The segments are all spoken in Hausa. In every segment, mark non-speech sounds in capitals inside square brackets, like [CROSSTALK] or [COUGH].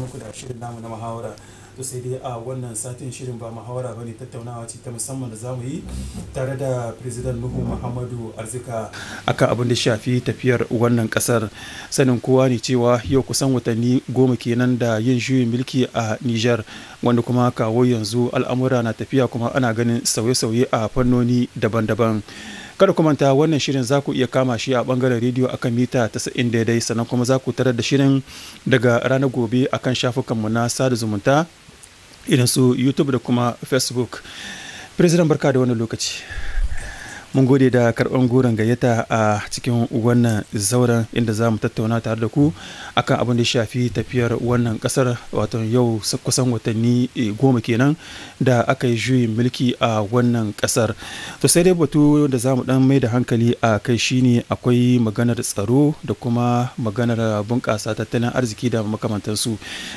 muku da shirin namu na muhawara to sai dai a wannan satin shirin ba muhawara bane tattaunawa ce ta musamman da zamu yi tare da president Nuhu Muhammadu Arzika aka abin da shafi tafiyar wannan kasar sanin kowa ne cewa yau kusan watanni goma kenan da yin juyin mulki a Niger wanda kuma kawo yanzu al'amura na tafiya kuma ana ganin sauye-sauye a fannoni daban-daban. kada ku manta wannan shirin za ku iya kama shi a bangaren rediyo akan mita 90 daidai sannan kuma za ku tarar da shirin daga ranar gobe akan shafukanmu na sada zumunta idan su youtube da kuma facebook president barka da wani lokaci mun gode da karɓar goron gayyata a cikin wannan zauren inda za mu tattauna tare da ku akan abin da shafi tafiyar wannan ƙasar wato yau kusan watanni eh, goma kenan da aka yi juyin mulki a wannan ƙasar to sai dai batu da za mu dan mai da hankali a kai shine akwai maganar tsaro da kuma maganar bunƙasa tattalin arziki da makamantansu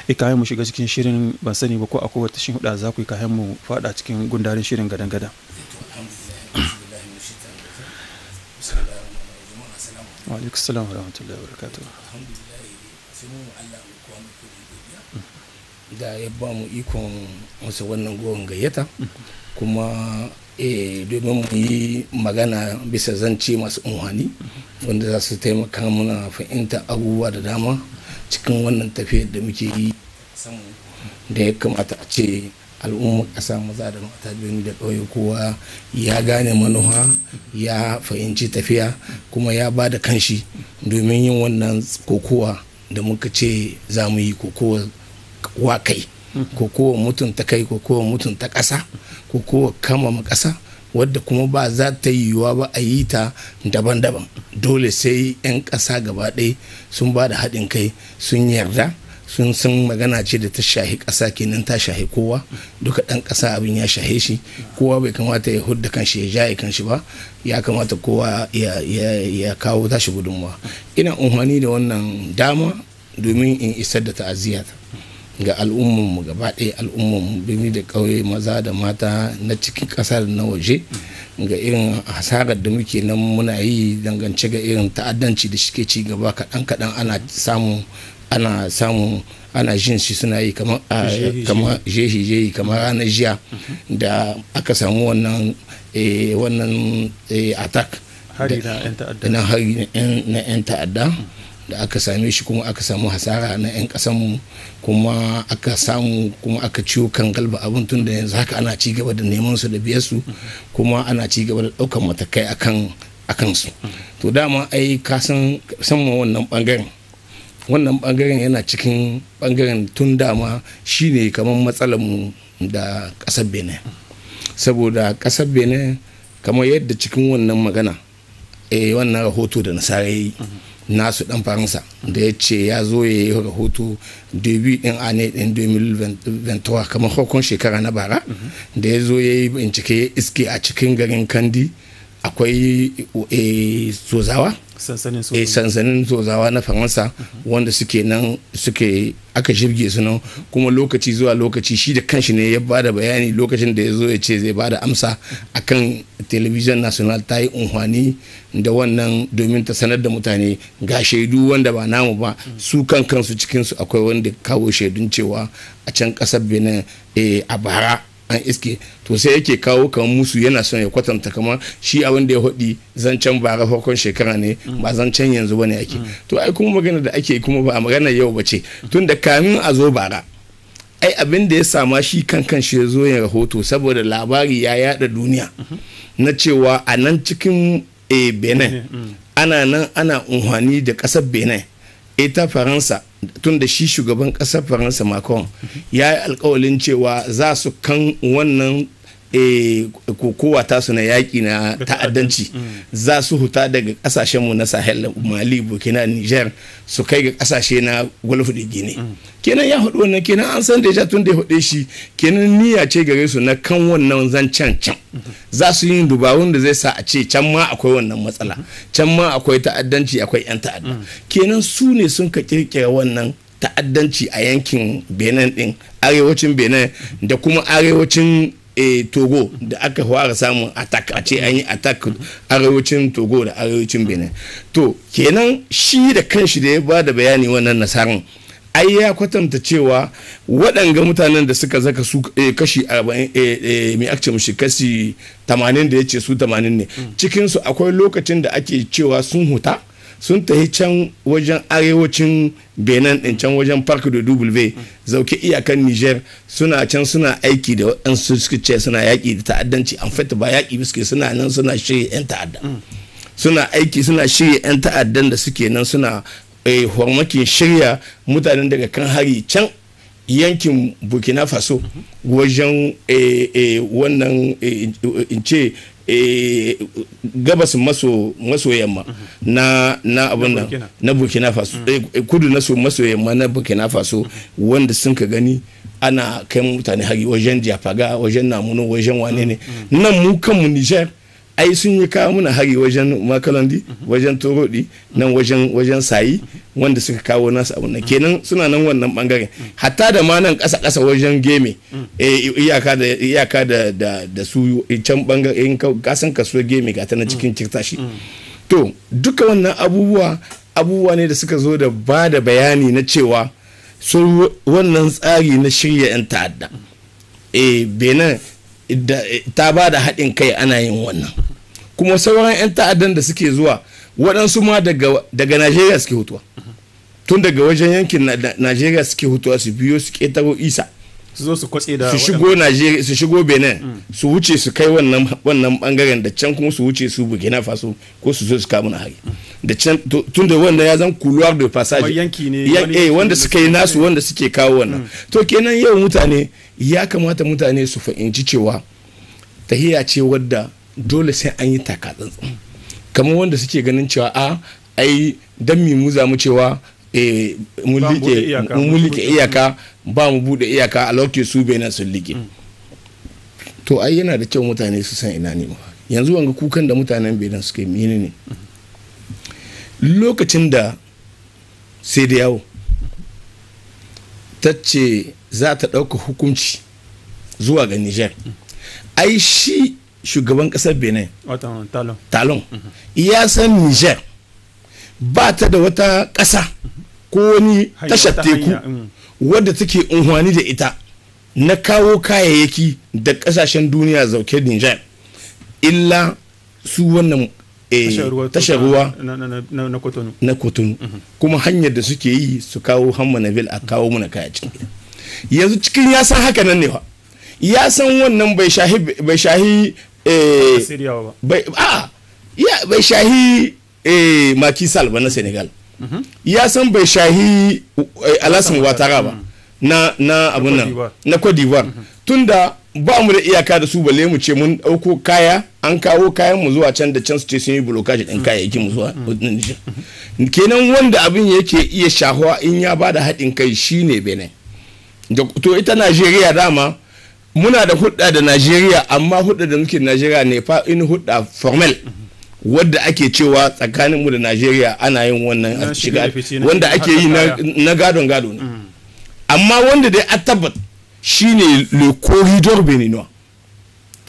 e mu shiga cikin shirin ban sani ba ko akwai wata shin za ku yi kayan mu faɗa cikin gundarin shirin gadan-gadan wa alaikum salam wa rahmatullahi wa barakatuhu alhamdulillah sai mu Allah mu kuwa da yabba mu ikon wasu wannan gowon gayyata kuma eh, domin mu yi magana bisa zance masu unhani wanda za su taimaka muna fahimta abubuwa da dama cikin wannan tafiyar da muke yi da ya kamata a ce al'ummar ƙasa maza da mata birni da ƙauye kowa ya gane manoha ya fahimci tafiya kuma ya ba da kanshi domin yin wannan kokowa da muka ce za mu yi kokowa wa kai kokowa mutum kai kokowa mutunta ƙasa kokowa kamama ƙasa wadda kuma ba za ta yiwuwa ba a yi ta daban-daban dole sai 'yan ƙasa gaba ɗaya sun ba da haɗin kai sun yarda sun san magana ce da ta shahi ƙasa kenan ta shahi kowa duka ɗan ƙasa abin ya shahe shi kowa bai kamata ya hudda kanshi ya kan kanshi ba ya kamata kowa ya kawo tashi gudunmawa ina umarni da wannan dama domin in isar da ta'aziyya ga mu gaba ɗaya mu birni da ƙauye maza da mata na cikin ƙasar na waje ga irin hasarar da muke nan muna yi dangance ga irin ta'addanci da shike ci gaba kaɗan kaɗan ana samun ana samu ana jin shi suna yi kamar jehi jehi kamar ranar jiya mhm. da aka samu wannan eh, wannan eh, attack na hari na 'yan ta'adda mhm. da aka same shi kuma aka samu hasara na 'yan kasanmu kuma aka samu kuma aka ciwo kan galba abin tun da yanzu haka ana ci gaba da neman su da biyarsu mhm. kuma ana ci gaba da ɗaukar matakai akan su to dama ai kasan samun wannan bangaren wannan bangaren yana cikin bangaren tun dama shine kamar matsalarmu da kasar benin saboda kasar benin kamar yadda cikin wannan magana e wannan rahoto da nasarai mhm. nasu dan faransa da ya ce ya zo ya yi rahoto debut din ne din 2023 kamar hukun shekara na bara mhm. da ya zo ya yi bincike iske a cikin garin kandi akwai eh, zozawa. sansanin sozawa eh, na faransa wanda suke nan suke aka shirge su nan kuma lokaci zuwa lokaci shi da kanshi ne ya bada bayani lokacin da ya zo ya ce zai bada amsa akan television national ta yi unhwani da wannan domin ta sanar da mutane ga shaidu wanda ba namu ba su kan kansu cikinsu akwai wanda kawo shaidun cewa a can kasar benin eh, a bara an iske to sai yake kawo kamar musu yana son ya kwatanta kamar shi abin da ya hudi zancen bara farkon shekara ne ba zancen yanzu bane ake to ai kuma magana da ake kuma ba magana yau ba ce tun da kamin a zo bara ai abin da ya sama shi kan shi ya zo ya rahoto saboda labari ya yada duniya na cewa a nan cikin eh, benin mm. ana nan ana unhwani da kasar benin ita faransa tun da shi shugaban ƙasar faransa macron ya yi alkawalin cewa za su kan wannan Eh, kokowa tasu na yaƙi na ta'addanci mm. za su huta daga mu na sahel mali burkina niger su kai ga ƙasashe na gulf da gine mm. kenan ya hudu wannan kenan an san deja tun da ya shi kenan niyya ce gare su na kan wannan zancen can mm-hmm. za su yi dubarun da zai sa a ce can ma akwai wannan matsala mm-hmm. can ma akwai ta'addanci akwai 'yan ta'adda mm. kenan su ne sun ka kirkira wannan ta'addanci a yankin benin din arewacin benin da kuma arewacin e togo da aka fara samun attack a ce an yi attack arewacin togo da arewacin benin to kenan shi da kanshi da ya ba da bayani wannan nasarar ai ya kwatanta cewa waɗanga mutanen da suka zaka su eh, kashi 40 eh, mai akce mushi kashi 80 da ya ce su 80 ne cikinsu akwai lokacin da ake cewa sun huta sun tafi can wajen arewacin benin din can wajen park da w zauke iyakan niger suna can suna aiki da yan suke ce suna yaƙi da ta'addanci an fata ba yaƙi biske suna nan suna shirya 'yan ta'adda mm. suna aiki suna shirya 'yan ta'addan da suke nan suna eh, hormakin shirya mutanen daga kan hari can yankin burkina faso mm-hmm. wajen eh, eh, wannan in ce Eh, gabas maso maso yamma mhm. na na abin nan na burkina faso mhm. eh, kudu na so maso yamma na burkina faso mhm. wanda sun ka gani ana kai mutane hagi wajen jafaga wajen namuno wajen wane ne nan mu kanmu niger ai sun yi kawo muna hari wajen makalandi wajen torodi nan wajen wajen sayi wanda suka kawo nasu abun nan kenan suna nan wannan bangaren hatta da ma nan kasa kasa wajen geme eh, iyaka da su can bangaren kasan kaso geme ga ta na cikin cirtashi to duka wannan abubuwa abubuwa ne da suka zo da ba da bayani na cewa sun wannan tsari na shirya 'yan ta'adda eh benin ta ba da haɗin kai ana yin wannan kuma sauran 'yan ta'addan da suke zuwa waɗansu ma daga najeriya suke hutuwa tun daga wajen yankin najeriya suke hutuwa su biyo su ƙetaro isa su shigo su benin mm. su wuce su kai wannan bangaren da can kuma su wuce su bugina faso ko su zo su kamuna hari mm. da can tun da wanda ya zan couloir de passage eh, wanda suka yi nasu wanda suke kawo wannan hmm. to kenan yau mutane ya kamata mutane su fahimci cewa tahiya ce wadda dole sai an yi takatsantsan kamar wanda suke ganin cewa a ah, ai dan mi mu zamu cewa eh, mun liƙe iyaka ba mu bude iyaka a lokacin su bai sun liƙe. Hmm. to ai yana da kyau mutane su san ina ne yanzu wanga kukan da mutanen benin suke mene ne hmm. lokacin da sai da yawo ta ce za ta ɗauka hukunci zuwa ga nijar ai shi shugaban ƙasar benin talon mhm. ya san nijar ba ta da wata ƙasa ko wani tashar teku mm. wadda take unhwani da ita na kawo kayayyaki da ƙasashen duniya zauke nijar illa su wannan Eh, tashar ruwa na kotonu mhm. kuma hanyar da suke yi su kawo hammanaville a kawo muna kaya cikin yanzu cikin ya san haka nan ne fa ya san wannan bai shahi bai shahi eh, bai eh, sal makisal ba na senegal mhm. ya san bai shahi alasan watara ba na abunan na cote d'ivoire mhm. tunda ba mu da iyaka da su balle mu ce mun dauko kaya an kawo kayan mu zuwa can da can su ce sun yi blokaji din mm. kayayyakin mu zuwa mm. kenan wanda abin yake iya shahuwa in ya bada haɗin kai shine benin to ita najeriya dama muna da hudda da najeriya amma hudda da muke najeriya ne fa in hudda formal wadda ake cewa tsakaninmu da najeriya ana yin wannan shiga wanda ake yi na gadon gado ne mm. amma wanda dai a tabbat shine le corridor beninois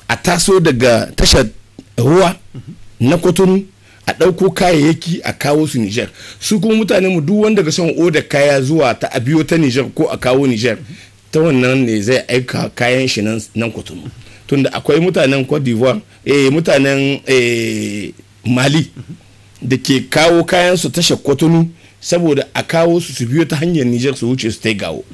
a taso daga tashar ruwa na kotunu a ɗauko kayayyaki a kawo su Nijar su kuma mutane mu duk wanda ga son oda kaya zuwa ta abiyo ta Nijar ko a kawo Nijar ta wannan ne zai aika kayan shi nan kotunu tunda akwai mutanen Cote d'Ivoire eh mutanen eh, Mali da ke kawo kayan su tashar kotunu saboda a kawo su su biyo ta hanyar Nijar su wuce su tai gawo.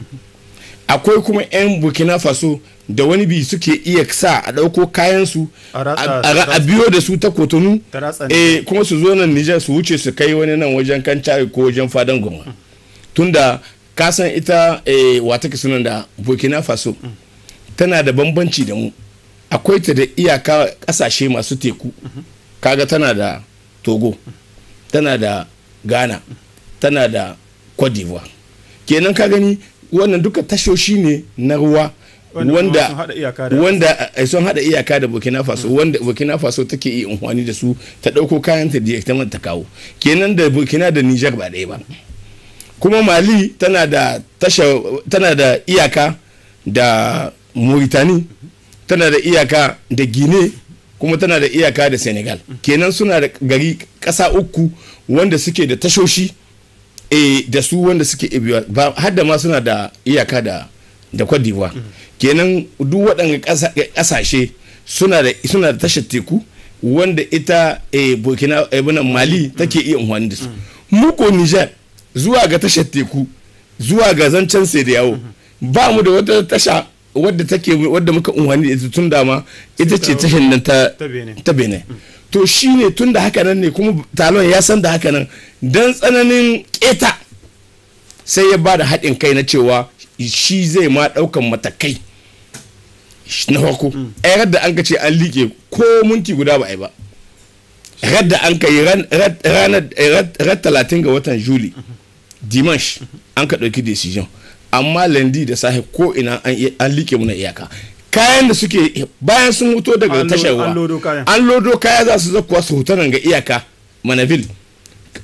akwai kuma 'yan burkina faso da wani bi suke iya sa a ɗauko kayansu a biyo da su ta kotonu eh kuma su zo nan nijar su wuce su kai wani nan wajen cari ko wajen fadan goma tunda kasan ita wata eh, wata sunan da burkina faso mm. tana da bambanci da mu akwai ta da iyaka ƙasashe masu teku mm-hmm. kaga tana da togo tana da ghana tana da cote d'ivoire kenan ka gani wannan duka tashoshi ne na ruwa wanda wanda sun hada eh, iyaka da burkina faso mm. wanda burkina faso take yi unhwani da su ta dauko kayan ta da ta kawo kenan da burkina da niger ba ɗaya ba kuma mali tana da tasha tana da iyaka da mauritani tana da iyaka da guinea kuma tana da iyaka da senegal mm. kenan suna da gari ƙasa uku wanda suke da tashoshi eh da su wanda suke ibiya ba har da ma suna da iyaka da da kwadiwa kenan duk waɗanda ƙasashe suna da suna da tashar teku wanda ita eh, Burkina Faso eh, Mali take iya amfani da su mu ko Niger zuwa ga tashar teku zuwa ga zancen sai da yawo ba mu da wata tasha wadda take wadda muka unhani da su tun dama ita ce tashin nan ta ta bene to shi ne tun da haka ne kuma talon ya san da hakanan nan don tsananin keta sai ya ba da haɗin kai na cewa shi zai ma ɗaukan matakai na farko mm. a da an ka ce an liƙe ko minti guda ba a yi ba da an ka yi ranar eh, talatin ga watan juli dimash an ka ɗauki decision amma landi da sahi ko ina an liƙe muna iyaka kayan da suke bayan sun mutu daga tashar an lodo kaya za su zakuwa su hutar ga iyaka manavil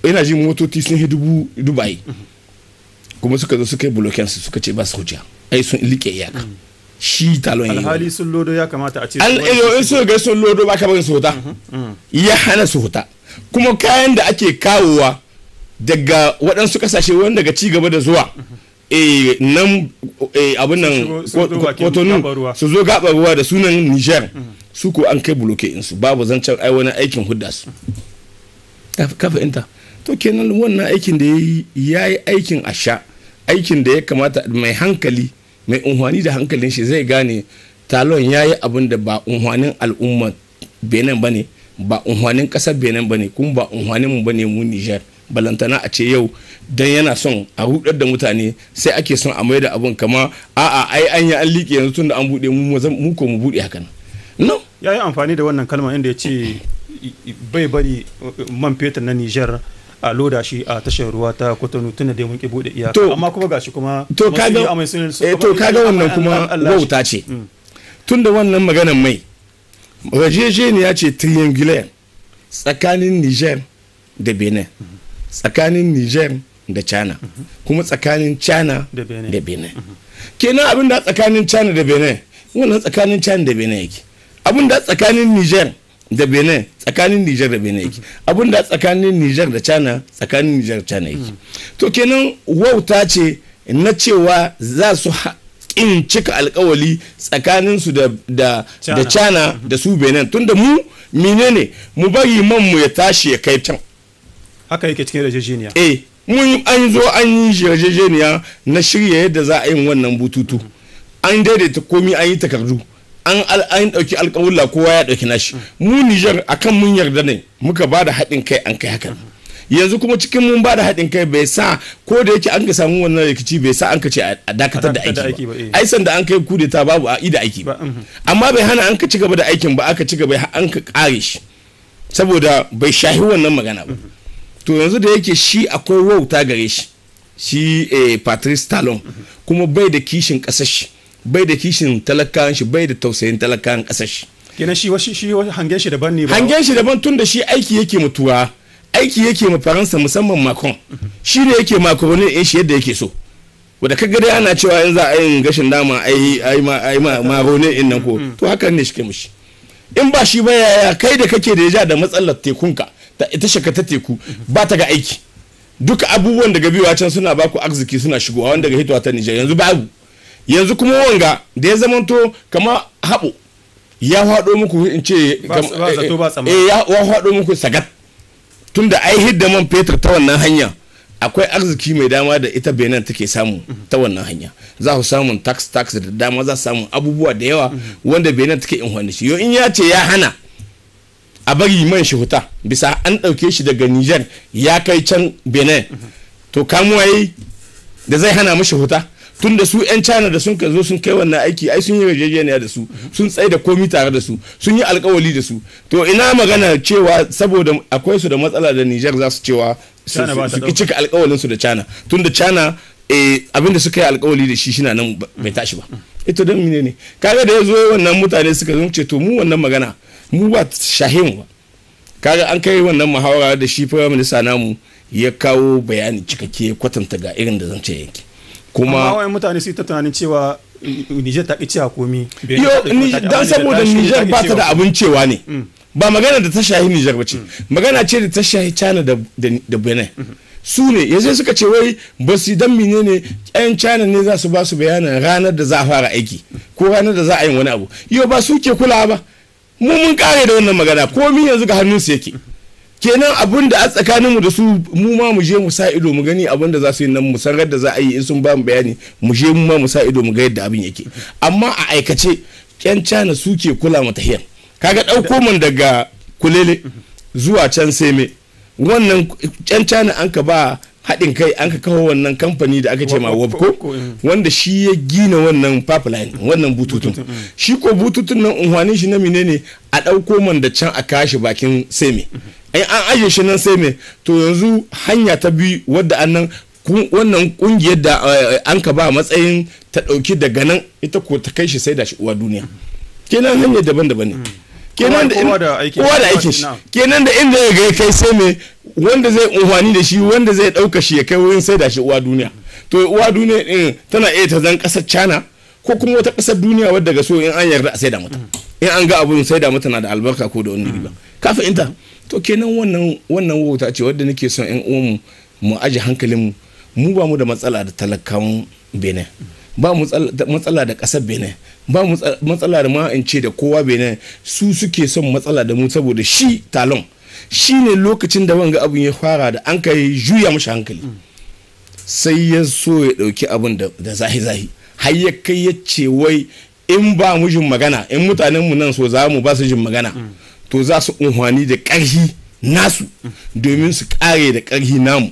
ina ji motoci sun yi dubu dubai kuma suka zo suka yi bulokin su suka ce ba su hujja ai sun liƙe iyaka mm. shi talon yi alhali sun lodo ya kamata a ce an iyo eh, in sun ga sun lodo ba ka bari su huta mm-hmm, mm-hmm. ya hana su huta kuma kayan da ake kawowa daga waɗansu ƙasashe wanda daga ci gaba da zuwa mm-hmm. eh nan eh, abin nan kotonu su zo gaba ruwa da sunan Niger mm-hmm. su ko an kai bloke insu babu zancen ai wani aikin hudda su kafa to kenan wannan aikin da ya yi aikin a sha aikin da ya kamata mai hankali mai unhwani da hankalin shi zai gane talon ya yi abin da ba unhwanin al'umma benin ba ne ba unhwanin kasar benin ba ne kuma ba unhwanin mu ba ne mu nijar balantana a ce yau dan yana son a hudar da mutane sai ake son a mai da abun kama a'a ai an yi an liƙe yanzu tun da an buɗe mu ko mu buɗe hakan no ya yi amfani da wannan kalma inda ya ce bai bari eh, man fetur na niger a loda shi a tashar ruwa ta Kotonu tun da mun ki buɗe iyaka amma kuma gashi kuma to kaga eh, to kaga wannan kuma wauta ce mm. tun da wannan maganan mai ya ce triangulaire tsakanin niger da Benin mm-hmm. tsakanin niger da china kuma tsakanin china da benin kenan abin da tsakanin china da benin wannan tsakanin china da benin yake abin da tsakanin niger da benin tsakanin niger da benin yake abin da tsakanin niger da china tsakanin niger da china yake to kenan wauta ce na cewa za su in cika alkawali tsakanin su da da china da su benin tunda mu menene mu bari man mu ya tashi ya kai can haka yake cikin yarjejeniya eh mun an zo an yi yarjejeniya na shirya yadda za a yi wannan bututu an daidaita komi an yi takardu an an dauki alƙawulla kowa ya dauki nashi mu Niger akan mun yarda ne muka ba da haɗin kai an kai hakan yanzu kuma cikin mun ba da haɗin kai bai sa ko da yake an ka samu wannan rikici bai sa an ka ce a dakatar da aiki ba eh. ai sanda an kai kudeta babu a ida aiki ba mhm. amma bai hana an ka ci gaba da aikin ba aka ci gaba an ka kare shi saboda bai shahi wannan magana ba mhm. to yanzu da yake shi akwai wauta gare shi shi eh, patrice talon kuma bai da kishin ƙasar shi bai da kishin talakawan shi bai da tausayin talakan ƙasar shi kenan shi wasu shi hangen shi daban ne ba hangen shi daban tun da shi aiki yake mutuwa aiki yake ma faransa musamman macron shi ne yake macronin in shi yadda yake so wadda kaga dai ana cewa yanzu a yin gashin dama ai ai ma ai ma nan ko to hakan ne shi mushi in ba shi ba yaya kai da kake da ya ja da matsalar tekunka ta shaka ta teku ba ta ga aiki duk abubuwan daga biyowa can suna baku arziki suna shigowa wanda ga hitowa ta Nijar yanzu babu yanzu kuma wanga da ya zamanto kama haɓo ya haɗo muku in ce eh, ya haɗo muku sagat tunda ai hidda man fetur ta wannan hanya akwai arziki mai dama da ita benin take samu mhm. ta wannan hanya za su samu tax tax da dama za su samu abubuwa da yawa mhm. wanda benin take in shi yo in ya ce ya hana a bari man shi huta bisa an ɗauke shi daga niger ya kai can benin to kamuwa yi da zai hana mashi huta tun da su 'yan china da sun ka zo sun kai wannan aiki ai sun yi yarjejeniya da su sun tsaye da komi tare da su sun yi alkawali da su to ina magana cewa saboda akwai su da matsala da niger za su cewa su cika alkawalin su da china tun da china eh, abin da suka yi alkawali da shi shina nan bai tashi ba ita don mine ne kaga da ya zo wannan mutane suka zo ce to mu wannan magana mu ba shahin ba kaga an kai wannan muhawara da shi firayim minista namu ya kawo bayani cikakke kwatanta ga irin da zance yanki kuma amma wayan mutane su ta tunanin cewa Niger ta ci a komi yo dan saboda Niger ba ta da abin cewa ne mm. ba magana da ta shahi Niger ba ce mm. magana ce da ta shahi China da Benin mm-hmm. su ne yanzu suka ce wai ba su dan mine ne yan china ne za su ba su bayanin ranar da za a fara aiki ko ranar da za a yi wani abu yau ba su ke kula ba mu mun kare da wannan magana komi yanzu ga hannun su yake kenan abin da a tsakaninmu da su mu ma mu je mu sa ido mu gani abin da za su yi nan mu sanar da za a yi in sun ba mu bayani mu je mu ma mu sa ido mu ga yadda abin yake amma a aikace yan cana su ke kula mata hiyar kaga ɗauko mun daga kulele zuwa can seme wannan can cana an ka ba haɗin kai an ka kawo wannan kamfani da aka ce ma wabko eh. wanda shi ya gina wannan pipeline wannan bututun eh. shi ko bututun nan unhwanin shi na menene a ɗauko man da can a kashi bakin seme an ajiye shi nan seme to yanzu hanya ta bi wadda annan wannan kungiyar da eh, an ka ba matsayin ta ɗauki daga nan ita ko ta kai shi sai da shi uwa duniya kenan hanyar daban-daban ne mm. kenan da kowa da aikin shi kenan da inda ya gai kai sai me wanda zai umfani da shi wanda zai ɗauka shi ya kai wurin sai da shi uwa duniya to uwa duniya din tana iya ta zan ƙasar china ko kuma wata kasar duniya wadda ga so in an yarda a sai da mata in an ga abun sai da mata na da albarka ko da wani riba ka fahimta to kenan wannan wannan wauta ce wadda nake son in uwan mu aje hankalin mu mu ba mu da matsala da talakawan benin ba matsala da kasar benin ba matsala da ma in da kowa benin su suke son matsala da mu saboda shi talon shi ne lokacin da wanga abin ya fara da an kai juya mashi hankali sai ya so ya dauki abin da zahi-zahi har ya kai ya ce wai in ba mu jin magana in mutanenmu nan so za mu ba su jin magana mm. to za su unhwani da karhi nasu mm. domin su kare da karhi namu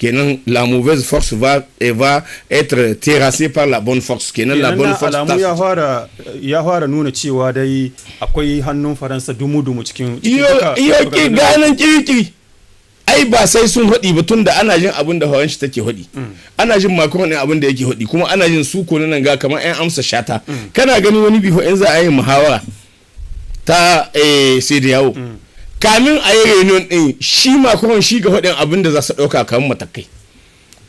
kenan la mauvaise force va et va être terrassée par la bonne force kenan la bonne force alamu ya fara nuna cewa dai akwai hannun faransa dumu dumu cikin iyo iyo ki ganin kirkiri ai ba sai sun haɗi ba tunda ana jin abin da hawan shi take haɗi mm. ana jin makon ne abin da yake haɗi kuma ana jin su ko nan ga kamar 'yan amsa shata mm. kana gani wani bifo in za a yi muhawara ta eh, sai da yawo mm. kamin a yi reunion ɗin shi kuma shi ga faɗin abin da za su ɗauka kan matakai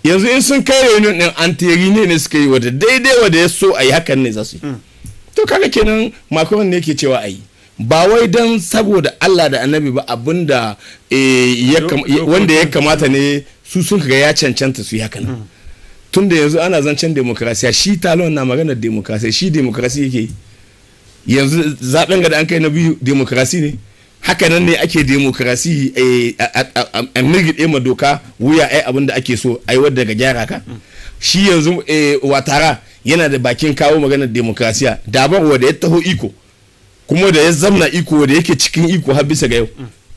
yanzu in sun kai reunion ɗin teri ne ne suka yi wata daidai wada ya so a yi hakan ne za su yi hmm. to kaga kenan makon ne ke cewa a yi ba wai don saboda allah da annabi ba abin da eh, wanda ya kamata ne su sun ga ya cancanta su yi hakan hmm. tun da yanzu ana zancen demokrasiya shi talon na maganar demokrasiya shi demokrasiya yake yanzu zaɓen ga da an kai na biyu demokrasi ne haka nan ne ake demokarasi eh, a mirgide ma doka wuya ai abin da ake so ai wadda ga gyara ka shi yanzu eh, watara yana da bakin kawo maganar demokrasiya daban wanda ya taho iko kuma da ya zamna iko wadda yake cikin iko har bisa ga yau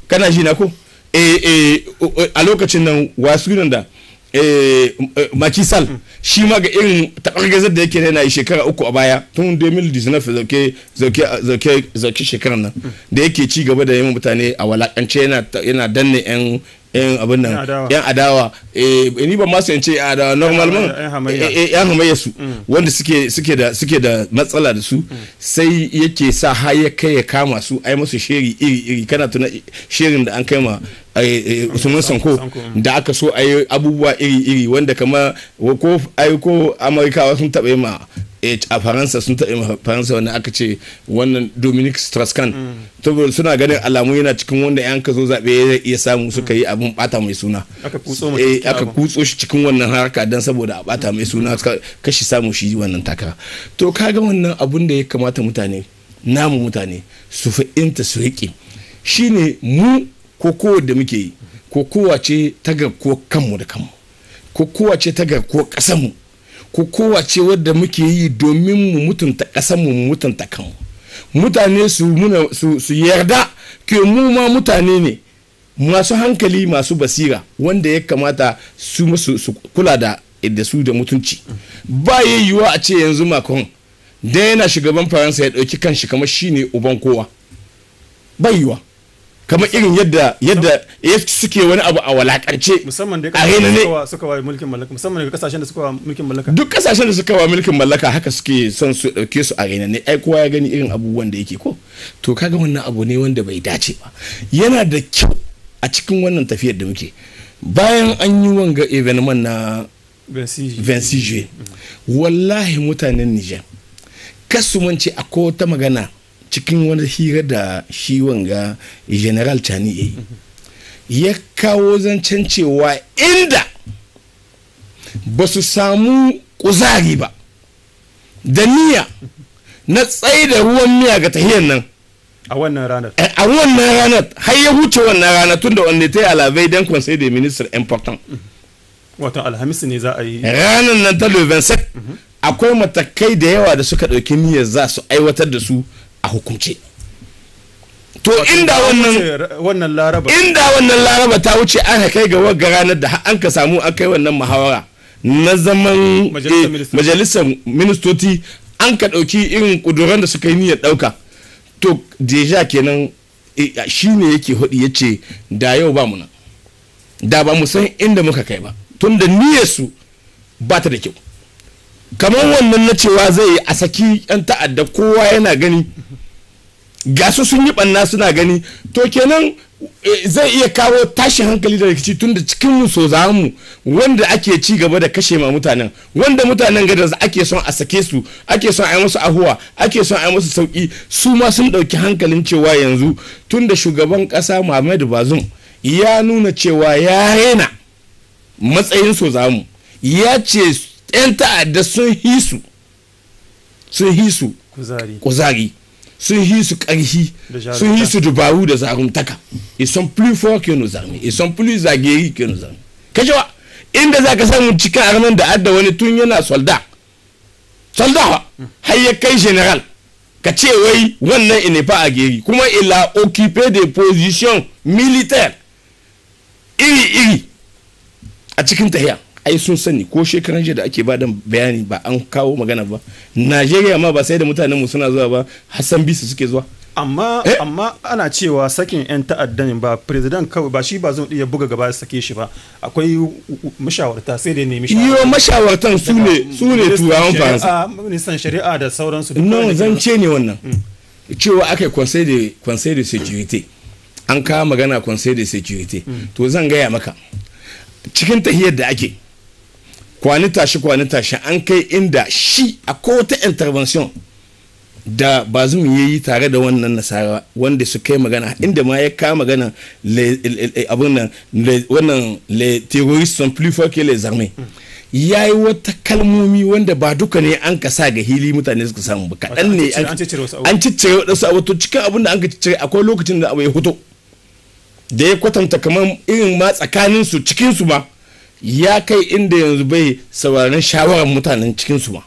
kana shi na ko eh, a lokacin nan wasu nan da Eh, eh, makisal shi ma ga irin taɓargazar da yake yana yi shekara uku a baya tun 2019 zauke shekarar nan da yake ci gaba da yin mutane a walakance yana danne 'yan yan abin nan yan adawa eh, eh ni ba ma san ce adawa normal man yan hamayya su wanda suke suke da suke da matsala da su sai yake sa har ya kai ya kama su ai musu sheri iri iri kana tuna sherin da an kai ma Eh, eh, usman sanko da aka so a yi abubuwa iri-iri wanda kama ko aiko amurkawa sun taɓa yi ma eh, a faransa sun taɓa ma faransa wanda aka ce wannan dominic strascan mm. saboda suna ganin alamu yana cikin wanda yan ka zo zaɓe ya samu suka yi abin ɓata mai suna aka kutso shi cikin wannan haraka don saboda a ɓata mai suna kashi samu shi wannan takara to kaga wannan abun da ya kamata mutane namu mutane su fa'inta su riƙe shine mu ko da muke yi ko kowa ce ta ga ko kanmu da kanmu ko kowa ce ta ga ko ƙasanmu ko kowa ce wadda muke yi domin mu mutunta ƙasanmu mu mutunta kanmu mutane su yarda ke mu ma mutane ne masu hankali masu basira wanda ya kamata su, kula da da su da mutunci ba ya yiwuwa a ce yanzu makon da yana shugaban faransa ya ɗauki kanshi kamar shine uban kowa ba yiwuwa kamar irin yadda yadda suke wani abu a walakarce musamman da suka wa mulkin mallaka musamman da kasashen da suka wa mulkin mallaka duk kasashen da suka wa mulkin mallaka haka suke son su dauke su a ne ai kowa ya gani irin abubuwan da yake ko to kaga wannan abu ne wanda bai dace ba yana da kyau a cikin wannan tafiyar da muke bayan an yi wanga evenement na Vinci wallahi mutanen nijar kasumanci a kowata magana cikin wani hira da shi wanga general chani ya yi ya kawo zancen cewa inda ba su samu kuzari ba da niya na tsaye da ruwan miya ga tahiyar nan a wannan ranar eh, a wannan ranar har ya huce wannan ranar tun da wanda ta yi alabai don conseil da minister important wato alhamis ne za a yi ranar nan ta lovensek mhm. akwai matakai da yawa da suka ɗauki niyyar za su aiwatar da su a hukunce to inda wannan wannan laraba inda wannan laraba ta wuce an kai ga wagga ranar da an ka samu an kai wannan muhawara na zaman majalisar eh, ministoci an ka ɗauki irin ƙuduran da suka yi niyyar ɗauka to deja kenan eh, shi ne yake hudu ya ce da yau ba mu nan da ba mu san inda muka kai ba tunda da su ba ta da kyau kamar wannan na cewa zai yi a saki yan ta'adda kowa yana gani gasu sun yi banna suna gani to kenan e, zai iya kawo tashi hankali da rikici tun da cikin so mu wanda ake ci gaba da kashe ma mutanen wanda mutanen gadar ake son a sake su ake son a yi musu ahuwa ake son a yi musu sauki su ma sun dauki hankalin cewa yanzu tunda shugaban kasa Muhammadu Bazum ya nuna cewa ya yana matsayin so mu ya ce 'yan ta'adda sun su sun su kuzari sun su ƙarfi sun su dubaru da zarumtaka isan sont plus forts que nos armées ils sont plus aguerris inda za ka samu cikin armen da adda wani tun yana solda solda ba har ya kai general ka ce wai wannan ine fa a geri kuma il a occupé des positions militaires iri iri a cikin tahiya ai sun sani ko shekaran jiya da ake ba da bayani ba an kawo magana ba najeriya ma ba sai da mutanen mu suna zuwa ba hassan bisu suke zuwa amma eh? amma ana cewa sakin yan ta'addan ba president kawai ba shi ba zan iya buga gaba ya sake shi ba akwai mashawarta sai dai nemi shawarta yo mashawartan su ne su ne turawan faransa ah, ministan shari'a da sauransu no ce ne wannan mm. cewa aka conseil de conseil de sécurité an kawo magana conseil de sécurité mm. to zan gaya maka cikin tahiyar da ake kwani tashi kwani tashi an kai inda shi a kowata intervention da bazum ya yi tare da wannan nasara wanda su kai magana inda ma ya kawo magana abin wannan le terrorist sont plus fort que les armées hmm. ya yi wata kalmomi wanda ba duka ne an ka sa ga hili mutane suka samu ba kaɗan ne an ciccire wasu abu to cikin abin da an ka ciccire akwai lokacin da abu ya hoto da ya kwatanta kamar irin ma tsakaninsu cikinsu ba ya kai inda yanzu bai sauraron shawarar mutanen cikinsu ma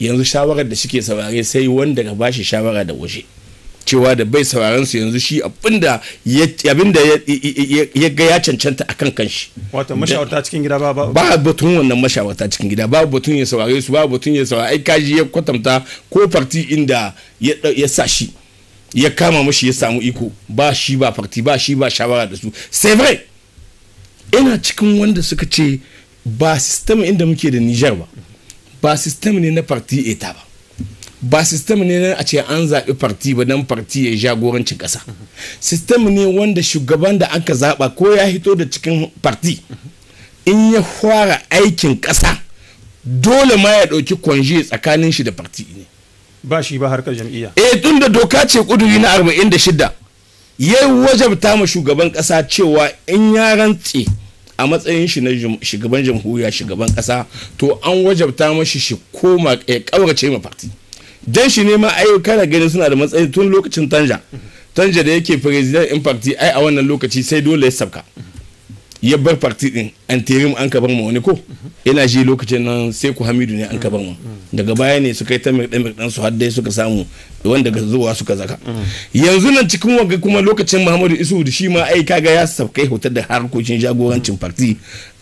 yanzu shawarar da suke saurare sai wanda ka bashi shawara da waje cewa da bai sauraron su yanzu shi abinda abinda ya ga ya cancanta akan kanshi wato mashawarta cikin gida ba ba batun wannan mashawarta cikin gida ba batun ya saurare su ba batun ya saurare ai kaji ya kwatanta ko farti inda ya sa shi ya kama mashi ya samu iko ba shi ba farti ba shi ba shawara da su c'est vrai ina cikin wanda suka ce ba sistem inda muke da nijar ba ba sistem ne na parti eta ba ba sistem ne na a ce an zaɓi parti ba don parti ya jagorancin ƙasa sistem ne wanda shugaban da aka zaɓa ko ya hito da cikin parti in ya fara aikin ƙasa dole ma ya ɗauki kwanje tsakanin shi da parti ne ba shi ba harkar jam'iyya eh tun da doka ce kuduri na 46 ya wajabta ma shugaban ƙasa cewa in ya rantse a matsayin shi na shugaban jamhuriya shugaban kasa to an wajabta mashi shi koma ya eh, kaurace ma party. dan shi ne ma ayo kana gani suna da matsayi tun lokacin tanja tanja da yake president in ai a wannan lokaci sai dole ya sabka ya bar parti din mu an ka bar mu wani ko ina ji lokacin nan sai ku hamidu ne an ka bar mu daga baya ne suka yi ta mirɗan mirɗan su har haddai suka samu wanda ga zuwa suka zaka yanzu nan cikin waga kuma lokacin muhammadu isu da shi ma ai kaga ya saukai hotar da harkokin jagorancin parti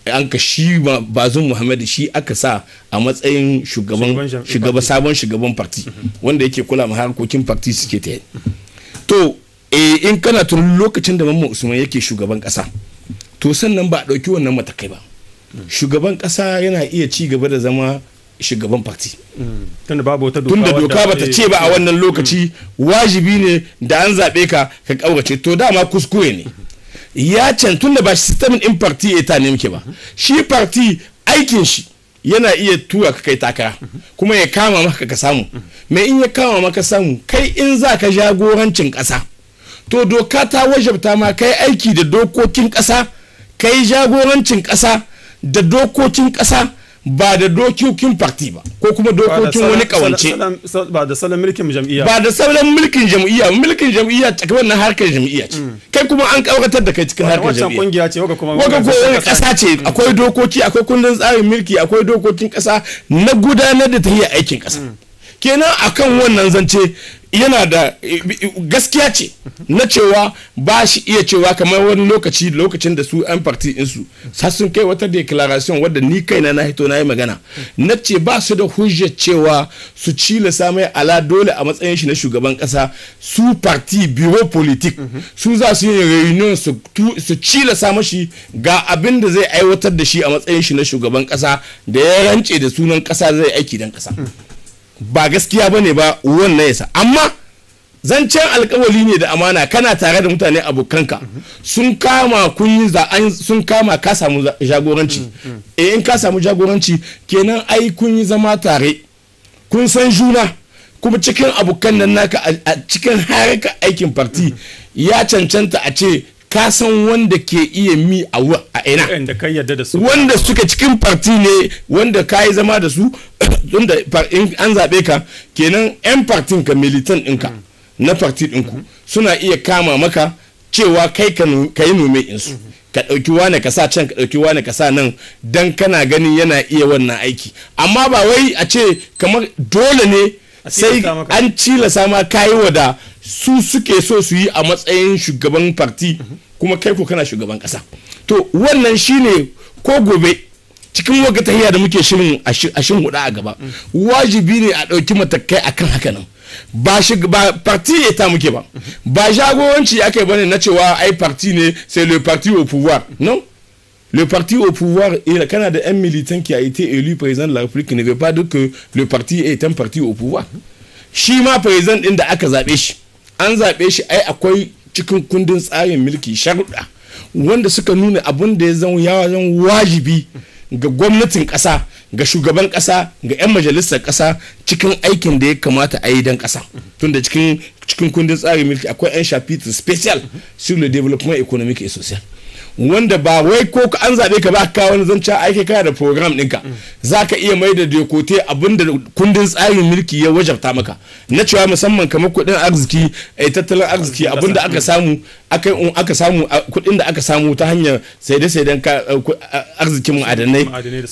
an ka shi bazin muhammadu shi aka sa a matsayin shugaban shugaba sabon shugaban parti wanda yake kula ma harkokin parti suke ta to eh, in kana tun lokacin da mamman usman yake shugaban kasa to sannan ba a ɗauki wannan matakai ba shugaban ƙasa yana iya ci gaba da zama shugaban parti tunda da doka ba ta ce ba a wannan lokaci wajibi ne da an zaɓe ka ka ƙaurace to dama kuskure ne ya can da ba shi sistemin in parti ya ta nemke ba shi parti aikin shi yana iya tura ka kai takara kuma ya kama maka ka samu mai in ya kama maka samu kai in za ka jagorancin ƙasa to doka ta wajabta ma kai aiki da dokokin ƙasa ka yi jagorancin ƙasa da dokokin ƙasa ba da dokokin party ba ko kuma dokokin wani kawance ba da salon mulkin jam'iyya ba da salon mulkin jam'iyya mulkin jam'iyya takabar na harkar jam'iyya ce mm. kai kuma an kauratar da kai cikin harkar jam'iyya wannan kungiya ce waka kuma waka ko wani kasa ce akwai dokoki akwai kundin tsarin mulki akwai dokokin kasa na gudanar da tahiyar aikin kasa mm. kenan akan wannan zance yana da gaskiya ce na cewa ba shi iya cewa kamar wani lokaci lokacin da su an farti insu su sun kai wata declaration wadda ni kaina na hito na yi magana na ce ba su da hujjar cewa su cila samai ala dole a matsayin shi na shugaban kasa su parti biro politique su za su yi reunion su cila sama shi ga abin da zai aiwatar da shi a matsayin shi na shugaban kasa da ya rance da sunan kasa zai aiki dan kasa ba gaskiya bane ba wannan yasa amma zancen alkawali ne da amana kana tare da mutane abokanka sun kama kun yi sun kama ka samu jagoranci eh in ka samu jagoranci kenan ai kun yi zama tare kun san juna kuma cikin abokan nan naka a cikin harika aikin farti ya cancanta a ce ka san wanda ke iya mi a ina wanda suka cikin parti ne wanda ka yi zama da su [COUGHS] wanda an zaɓe ka kenan 'yan partin ka militan ɗinka mm. na parti ɗinku suna iya kama maka cewa kai ka yi nome insu mm-hmm. ka ɗauki wane ka sa can ka ɗauki wane ka sa nan dan kana gani yana iya wannan aiki amma ba wai a ce kamar dole ne sai an cilasa sama kayi wada. su suke so su yi a matsayin shugaban farti kuma kai ko kana shugaban kasa to wannan shine ko gobe cikin waga tahiya da muke shirin a a gaba wajibi ne a ɗauki matakai akan haka nan ba shi ba parti eta muke ba ba jagoranci ya kai bane na cewa ai parti ne sai le parti au pouvoir non le parti au pouvoir et le Canada un militant qui a été élu président de la République ne veut pas dire que le parti est un parti au pouvoir shi ma président din da aka zabe shi an zaɓe shi ai akwai cikin kundin tsarin mulki sharuɗa wanda suka nuna abun da ya zama yawa wajibi ga gwamnatin ƙasa ga shugaban ƙasa ga 'yan majalisar ƙasa cikin aikin da ya kamata a yi don ƙasa tunda cikin kundin tsarin mulki akwai 'yan shafi special civil development economic et social wanda ba wai ko an zaɓe ka ba ka wani zancen aiki kaya da program ɗinka za ka iya mai da dokote abinda kundin tsarin mulki ya wajabta maka na cewa musamman kamar kuɗin arziki eh, tattalin arziki abinda aka samu mm. aka da aka samu ta hanyar saide-saiden eh, arzikin ma'adanai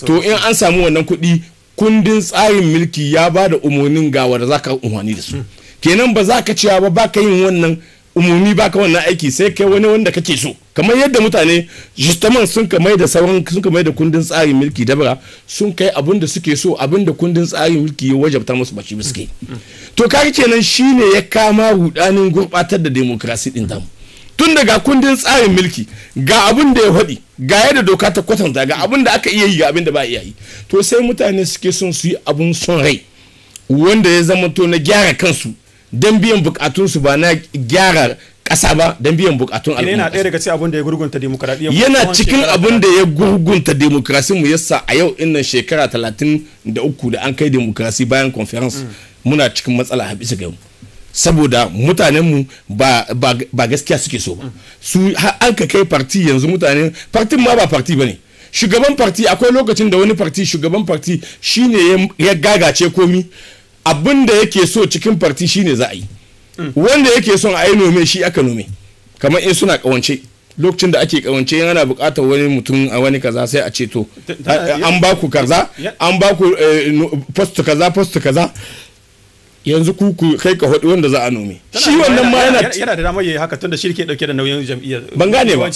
to in an samu wannan kuɗi kundin tsarin mulki ya ba da umarnin ga wanda za ka umarni da su mm. kenan ba za ka cewa ba ba ka yin wannan umumi baka wannan aiki sai kai wani wanda kake so kamar yadda mutane justement sun ka mai da sauran sun ka mai da kundin tsarin mulki dabara sun kai abin da suke so abin da kundin tsarin mulki ya wajabta musu baci biske to kai kenan shine ya kama rudanin gurbatar da demokrasi din tamu tun daga kundin tsarin mulki ga abin da ya faɗi ga yadda doka ta kwatanta ga abin da aka iya yi ga abin da ba iya yi to sai mutane suke son su yi abin son rai wanda ya zama to na gyara kansu don biyan bukatunsu ba na gyara ƙasa ba don biyan bukatun al'umma yana ɗaya daga cikin abin da ya gurgunta demokradiyyar yana cikin abin da ya gurgunta demokrasin mu yasa a yau innan shekara 33 da an kai demokrasi bayan conference mm. muna cikin matsala a bisa yau saboda mutanenmu ba, ba, gaskiya suke so ba mm. su an ka kai parti yanzu mutane parti ma ba parti ba ne shugaban parti akwai lokacin da wani parti shugaban parti shine ya gagace komi abin da yake so cikin farti shine za a yi wanda yake son a yi nome shi aka nome kamar in suna kawance lokacin da ake kawance yana bukatar wani mutum a wani kaza sai a ce to an ba ku kaza an ba ku eh, post kaza post kaza yanzu ku ku kai ka hudu wanda za a nome shi wannan ma yana yana da damar yayi haka tunda shi ke dauke da nauyin jam'iyyar ban gane ba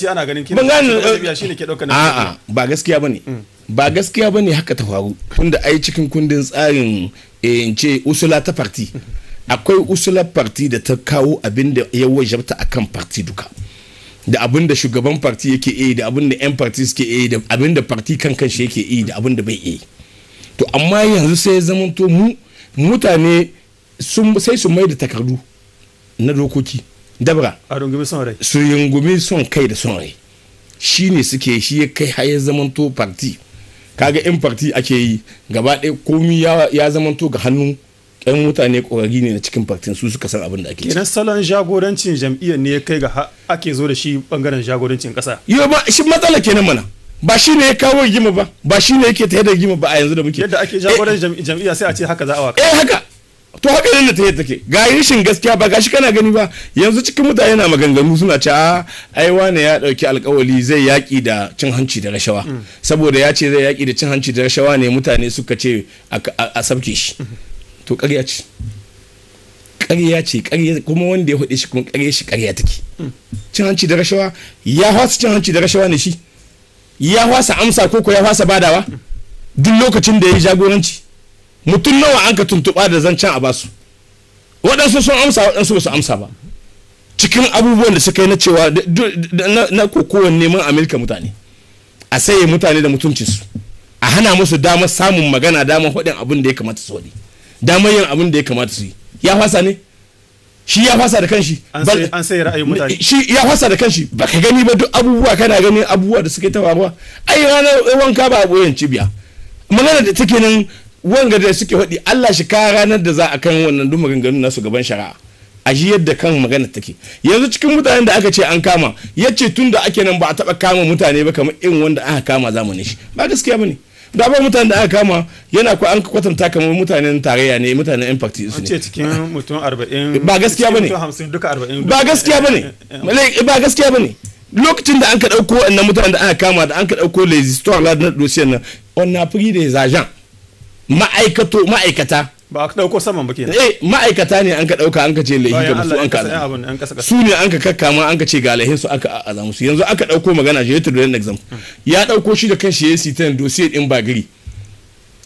ban gane eh, ba gaskiya bane mm. ba gaskiya ba ne haka ta faru tunda ai cikin kundin tsarin eh, in ce usula ta farti akwai usula farti da ta kawo abin da ya wajabta akan farti duka da abin da shugaban farti yake iya da abin da 'yan farti suke iya da abin da farti kan kanshi yake iya da abin da bai e to amma yanzu sai zaman to mu mutane sai su mai da takardu na dokoki dabra su yungumi son kai da son rai shi ne suke shi ya kai har ya to farti kaga in farti ake yi gaba ɗaya komi ya zamanto ga hannu yan mutane ƙorari ne na cikin partin su suka san abin da ake kenan salon jagorancin jam'iyyar ne ya kai ga ake zo da shi bangaren jagorancin ƙasa yo ba shi matsala kenan mana ba shi ne ya kawo rigima ba ba shi ne yake tare da rigima ba a yanzu da muke yadda ake jagorancin jam'iyya sai a ce haka za a waka eh haka to haka nan ta yadda take ga rishin gaskiya ba gashi kana gani ba yanzu cikin mutane na maganganu suna ce a ah, ai wane ya dauki alkawali zai yaki da cin hanci da rashawa mm. saboda ya ce zai yaki da cin hanci da rashawa ne mutane suka ce a sabke shi to ƙarya ce ƙarya ce ƙarya kuma wanda ya faɗe shi kuma ƙarya shi ƙarya take mm. cin hanci da rashawa ya fasa cin hanci da rashawa ne shi ya fasa amsa ko ko ya fasa badawa mm. duk lokacin da ya yi jagoranci mutum nawa an ka tuntuɓa da zancen a basu waɗansu sun amsa waɗansu ba su amsa ba cikin abubuwan da suka yi na cewa na kokowar neman amilka mutane a saye mutane da mutuncinsu a hana musu damar samun magana damar haɗin abin da ya kamata su haɗi damar yin abin da ya kamata su yi ya fasa ne shi ya fasa da kanshi an sai ra'ayin mutane shi ya fasa da kanshi ba ka gani ba duk abubuwa kana ganin abubuwa da suke ta faruwa ai ranar wanka ba a boyan cibiya magana da take nan wanga da suke faɗi Allah shi ka ranar da za a kan wannan duk maganganun nasu gaban shari'a a ji yadda kan magana take yanzu cikin mutanen da aka ce an kama ya ce tun da ake nan ba a taɓa kama mutane ba kamar irin wanda aka kama zamanin shi ba gaskiya ba ne da ba mutanen da aka kama yana ko an kwatanta kamar mutanen tarayya ne mutanen impact su ne cikin mutum 40 eh, eh, eh. ba gaskiya bane ba gaskiya bane ba gaskiya bane lokacin da an ka dauko wannan mutanen da aka kama da an ka dauko les histoires la na dossier na on na pris des agents ma'aikato ma'aikata ba a dauko saman ba kenan eh ma'aikata ne an ka dauka an ka ce lahi ga su an ka su ne an ka kakkama an ka ce ga lahi su aka a musu yanzu aka dauko magana je to don exam hmm. ya dauko shi da kanshi yayi sitan dossier din bagiri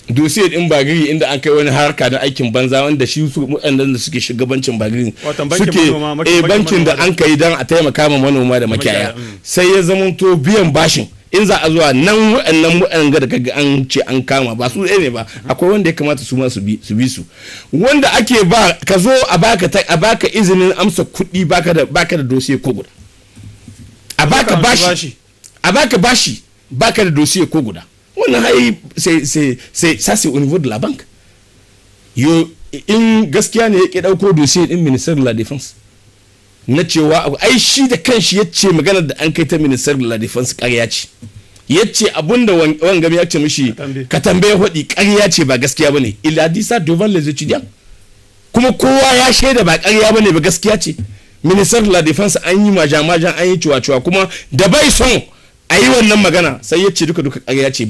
dossier din bagiri inda an kai wani harka na aikin banza wanda shi su waɗannan da suke shugabancin bagiri suke eh bankin da an kai dan a taimaka ma manoma da makiyaya hmm. sai ya zamanto biyan bashin in za a zuwa nan wa'annan waɗanda ga an ce an kama ba su ne ba akwai wanda ya kamata su ma su bi su wanda ake ba ka zo a baka a baka izinin amsa kuɗi baka da baka da dosiye ko guda a baka bashi a baka bashi baka da dosiye ko guda wannan hai sai sai sai ça c'est au niveau de la banque yo in gaskiya ne yake dauko dosiye din minister de la defense. na cewa ai shi da kanshi ya ce maganar da an kai ta minisar la defense ƙarya ce ya ce abun da wangami ya ce mishi ka tambaye hudi ƙarya ce ba gaskiya bane ne a les étudiants kuma kowa ya shaida ba ƙarya bane ba gaskiya ce minisar la defense an yi maja majan an yi ciwa-ciwa kuma da bai son a yi wannan magana sai ya ce duka duka ƙarya ce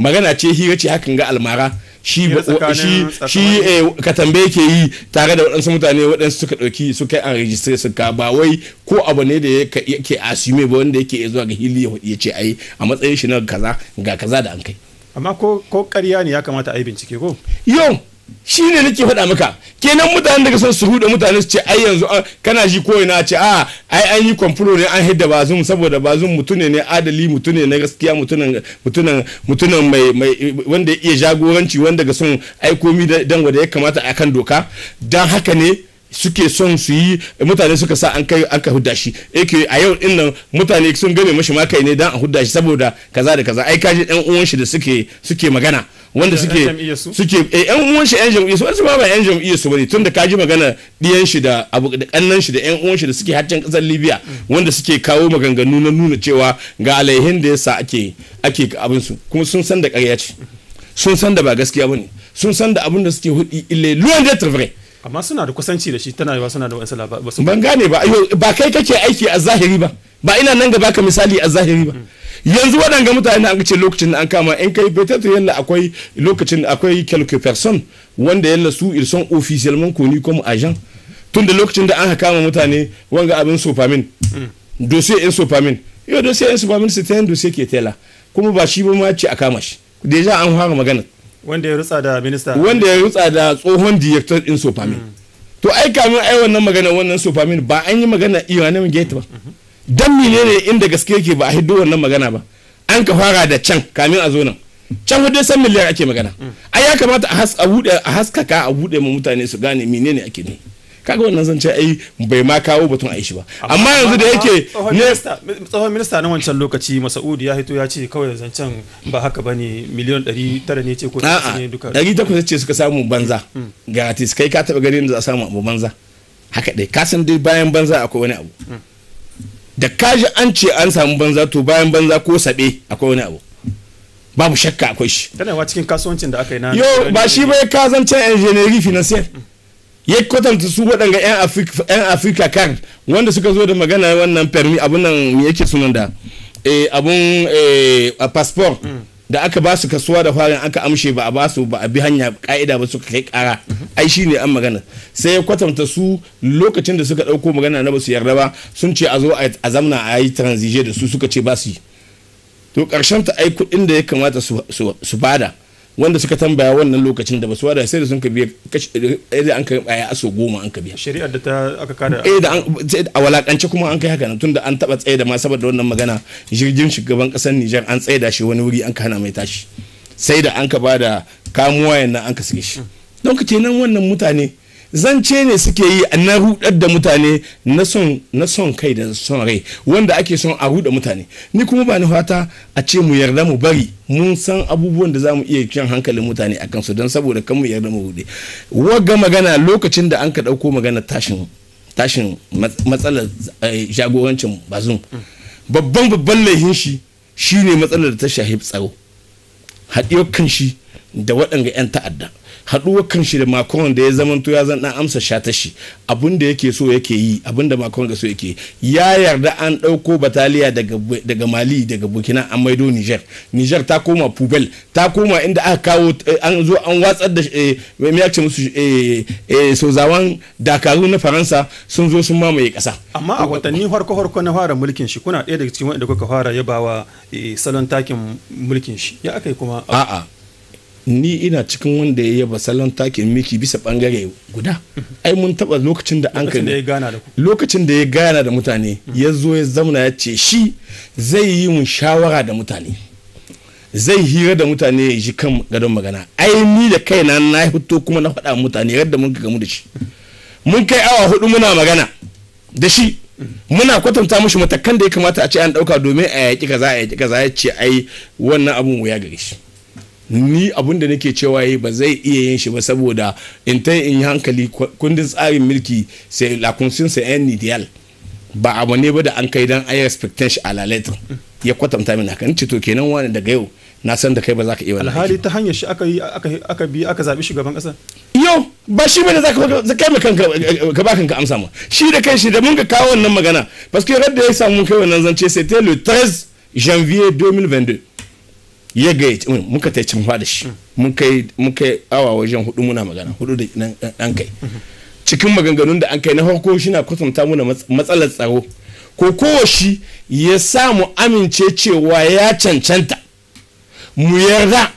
magana ce hira ce hakan ga almara shi eh, ka tambaye ke yi tare da waɗansu mutane waɗansu suka ɗauki su kai an rijistare su ka ba wai ko abu ne da yake asume ba wanda yake zuwa ga hili ya ce ai a matsayin shi na kaza ga kaza da an kai amma ko ƙarya ne ya kamata a yi bincike ko yau shi ne nake faɗa maka kenan mutanen daga son su da mutane su ce ai yanzu ah, kana ji ko ina ce a ah, ai an yi kwamfuro ne an hidda bazum saboda bazum mutune ne adali mutune na gaskiya mutunan mutunan mutunan mai wanda ya iya jagoranci wanda ga son ai komi dan wanda ya kamata a kan doka dan haka ne suke son su yi mutane suka sa an kai an ka hudda shi yake a yau din nan mutane sun game mashi makai ne dan a hudda shi saboda kaza da kaza ai kaji dan uwan shi da suke suke magana wanda suke suke eh yan uwan shi yan jam'iyyar su wasu ba ba yan jam'iyyar su bane tunda kaji magana diyan shi da abu da kannan shi da yan uwan shi da suke haccen kasar Libya wanda suke kawo maganganu na nuna cewa ga alaihin da yasa ake ake abin su kuma sun san da ƙarya ce sun san da ba gaskiya bane sun san da abin da suke hudi ille loin d'être vrai amma suna da kusanci da shi tana yawa suna da wasu labarai ban gane ba ba kai kake aiki a zahiri ba ba ina nan gaba ka misali a zahiri ba yanzu waɗanga mutane an ce lokacin da an kama in kai fetatu yalla akwai lokacin akwai quelques person wanda yalla su ils sont officiellement connus comme agent tun da lokacin da an kama mutane wanga abin sofamin mm. dossier in sofamin yo dossier in sofamin c'est un dossier qui était là kuma ba shi ba ma ce a kama shi deja an fara magana wanda ya rutsa da minista wanda ya rutsa da tsohon director in sofamin mm. to ai kamin ai wannan magana wannan sofamin ba an yi magana iwanin gate ba mm-hmm. dan ne inda gaske yake ba a hiddo wannan magana ba an ka fara da can kamin a zo nan can hudu san miliyar ake magana ai ya kamata a haskaka a bude ma mutane su gane mine ne ake ne kaga wannan ce ai bai ma kawo batun aishi ba amma yanzu da yake tsohon minista na wancan lokaci masaudi ya hito ya ce kawai zancen ba haka bane miliyan 900 ne ce ko ne duka 800 ce suka samu banza hmm. ga kai ka taba ganin da za a samu abu banza haka dai kasan dai bayan banza akwai wani abu hmm. da kaji an ce an samu banza to bayan banza ko sabe akwai wani abu babu shakka akwai shi tana yawa cikin kasuwancin da aka yi na yo ba shi bai kasancin engineering financier ya kwatanta su waɗanga 'yan afirka kan wanda suka zo da magana wannan permi abun nan yake sunan da eh, abun eh, a passport mm. da aka ba su kasuwa da farin aka amshe ba a ba su ba a bi hanya ka'ida ba suka kai kara ai shine an magana sai ya kwatanta su lokacin da suka dauko magana na ba su yarda ba sun ce a zo a zamna a yi transige da su suka ce ba su yi to karshen ta ai kudin da ya kamata su bada wanda suka tambaya wannan lokacin da basu wada sai da sun ka biya da an ka baya aso goma an ka biya shari'ar da ta aka kada eh da a walakance kuma an kai haka nan tunda an taba tsaye da ma saboda wannan magana jirgin shugaban kasar Niger an tsaye da shi wani wuri an ka hana mai tashi sai da an ka bada kamuwa yana an ka sike shi don ka nan wannan mutane zance ne suke yi na rudar da mutane na son kai da son rai wanda ake son a rudar mutane ni kuma ba ni fata a ce mu yarda mu bari mun san abubuwan da za mu iya kyan hankalin mutane a kansu don saboda kan mu yarda mu rude waga magana lokacin da an ka ɗauko magana tashin tashin matsalar eh, jagorancin bazum babban babban laihin shi shine matsalar da ta shahi tsaro haɗiyar kan shi da waɗanga 'yan ta'adda haɗuwar kanshi da makon da ya zamanto ya zan dan amsa shata shi abin da yake so yake yi abin da makon ga so yake ya yarda an ɗauko bataliya daga Mali daga Burkina an maido Niger Niger ta koma pubel ta koma inda aka kawo eh, an zo an watsar da eh, me ce musu eh, sozawan dakaru na Faransa sun zo sun mamaye ƙasa amma a watanni farko farko na fara mulkin shi kuna ɗaya daga cikin wanda kuka fara yabawa salon takin mulkin shi ya aka kuma a'a ni ina cikin wanda ya yaba salon takin miki bisa bangare guda ai mun taba lokacin da an lokacin da ya gana da mutane ya zo ya zamana ya ce shi zai yi mun shawara da mutane zai hira da mutane ya ji kan gadon magana ai ni da kaina na fito kuma na faɗa mutane yadda mun gamu da shi mun kai awa hudu muna magana da shi muna kwatanta mushi matakan da ya kamata a ce an ɗauka domin a yaƙi kaza a yaƙi kaza ya ce ai wannan abun wuya gare shi ni abun da nake cewa yi ba zai iya yin shi ba saboda in ta in yi hankali kundin tsarin mulki sai lakunsin sa yan nidiyal ba abu ne ba da an kai dan ayi respectin shi alalatin ya kwatanta mina kan ce to kenan wani daga yau na san da kai ba za ka iya wani alhali ta hanyar shi aka yi aka bi aka zabi shugaban kasa yo ba shi bane za ka kai mai kanka ka ba kanka amsa ma shi da kai shi da mun ga kawo wannan magana parce que da ya samu kai wannan zance c'était le 13 janvier 2022 ya ga mm, muka ta cin da shi mun kai awa wajen hudu muna magana hudu da ɗan kai cikin maganganun da an kai na farko shi na kwatanta muna matsalar tsaro ko kowashi ya sa mu amince cewa ya cancanta mu yarda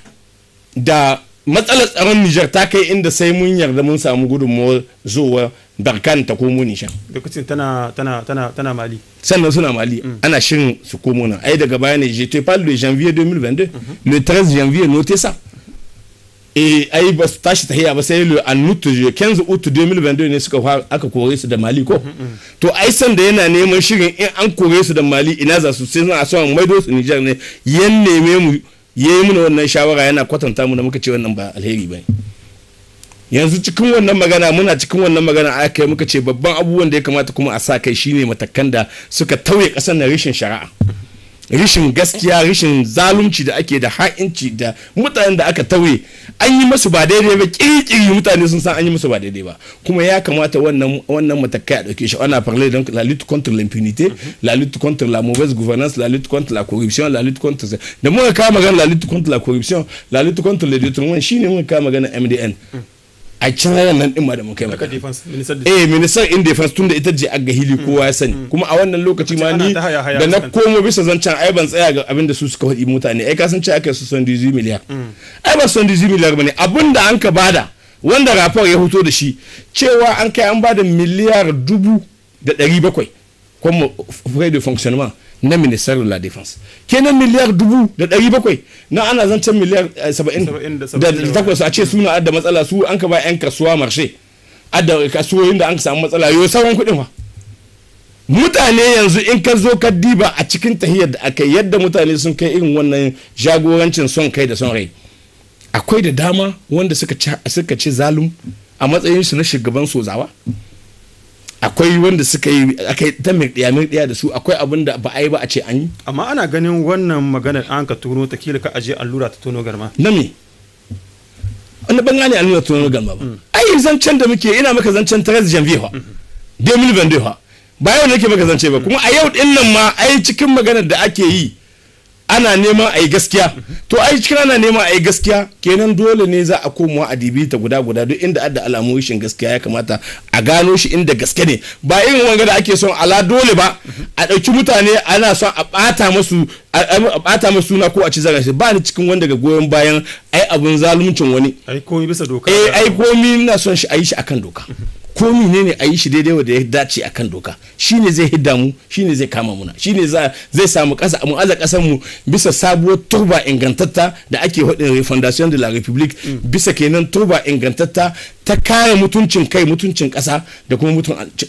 da matsalar tsaron Nijar ta kai inda sai mun yarda mun samu gudunmuwar zuwa barkan ta komo nishan lokacin tana tana tana tana mali sannan suna mali mm. ana shirin su komo nan ai daga bayani ne je te parle mhm. le janvier 2022 le 13 janvier noté ça et ai ba tashi ta hiya ba sai le en août 15 août 2022 ne suka aka kore su da mali ko mhm, mhm. to ai san da yana neman shirin in an kore su da mali ina za su sai suna so maido su Niger ne yan neme mu yayi mu wannan shawara yana kwatanta mu da muka ce wannan ba alheri bane yanzu cikin wannan magana muna cikin wannan magana a kai muka ce babban abubuwan da ya kamata kuma a sa kai shine matakan da suka tauye kasar na rishin shari'a rishin gaskiya rishin zalunci da ake da ha'inci da mutanen da aka tauye an yi musu ba daidai ba kirkiri mutane sun san an yi musu ba daidai ba kuma ya kamata wannan wannan matakai a dauke shi ana parler donc la lutte contre l'impunité la lutte contre la mauvaise gouvernance la lutte contre la corruption la lutte contre da muka kama magana la lutte contre la corruption la lutte contre le détournement shine muka kama magana MDN a can ranar nan din ma da mun kai maka eh ministan in defense tunda ita je aga hili kowa ya sani kuma a wannan lokaci ma ni da na komo bisa zancen ai ban tsaya ga abin da su suka faɗi mutane ai ka san ce aka su son dizi miliyar ai ba son dizi miliyar bane abin da an ka bada wanda rafar ya fito da shi cewa an kai an bada miliyar dubu da ɗari bakwai kuma frais de fonctionnement na ministerin la defense kenan miliyar dubu da ɗari bakwai na ana zancen miliyar eh, saba'in da takwas a ce suna adda matsala su an ka ba 'yan kasuwa marshe adda kasuwoyin da an samu matsala yau sauran kuɗin ma mutane yanzu in ka zo ka diba a cikin tahiyar da aka yadda mutane sun kai irin wannan jagorancin son kai da son rai akwai da dama wanda suka ci zalum a matsayin su na shugaban sozawa akwai wanda suka yi akai ta mirɗiya da su akwai abin da ba a yi ba a ce an yi amma ana ganin wannan maganar an ka tono ta kila ka aje allura ta tono garma na me wani ban gane allura ta tono garma ba mm. ai zancen da muke ina maka zancen 13 janvier fa 2022 mm-hmm. ha ba yau nake maka zance ba mm. kuma a yau din nan ma ai cikin maganar da ake yi ana neman a yi gaskiya to ai cikin ana neman a yi gaskiya kenan dole ne za a komawa a dibi ta guda guda duk inda adda alamun shin gaskiya ya kamata a gano shi inda gaske ne ba irin wanga da ake son ala dole ba a ɗauki mutane ana son a ɓata masu a bata musu suna ko a ci zaga shi ba ni cikin wanda ga goyon bayan ai abun zaluncin wani ai komi bisa doka eh ai komi ina son shi a yi shi akan doka ko ne a yi shi daidai da ya dace a kan doka shi ne zai hidda mu shi ne zai kama muna ne zai samu kasa mu aza kasar mu bisa sabuwar turba ingantatta da ake hudun fondation de la republique bisa kenan turba ingantatta ta kare mutuncin kai mutuncin kasa da kuma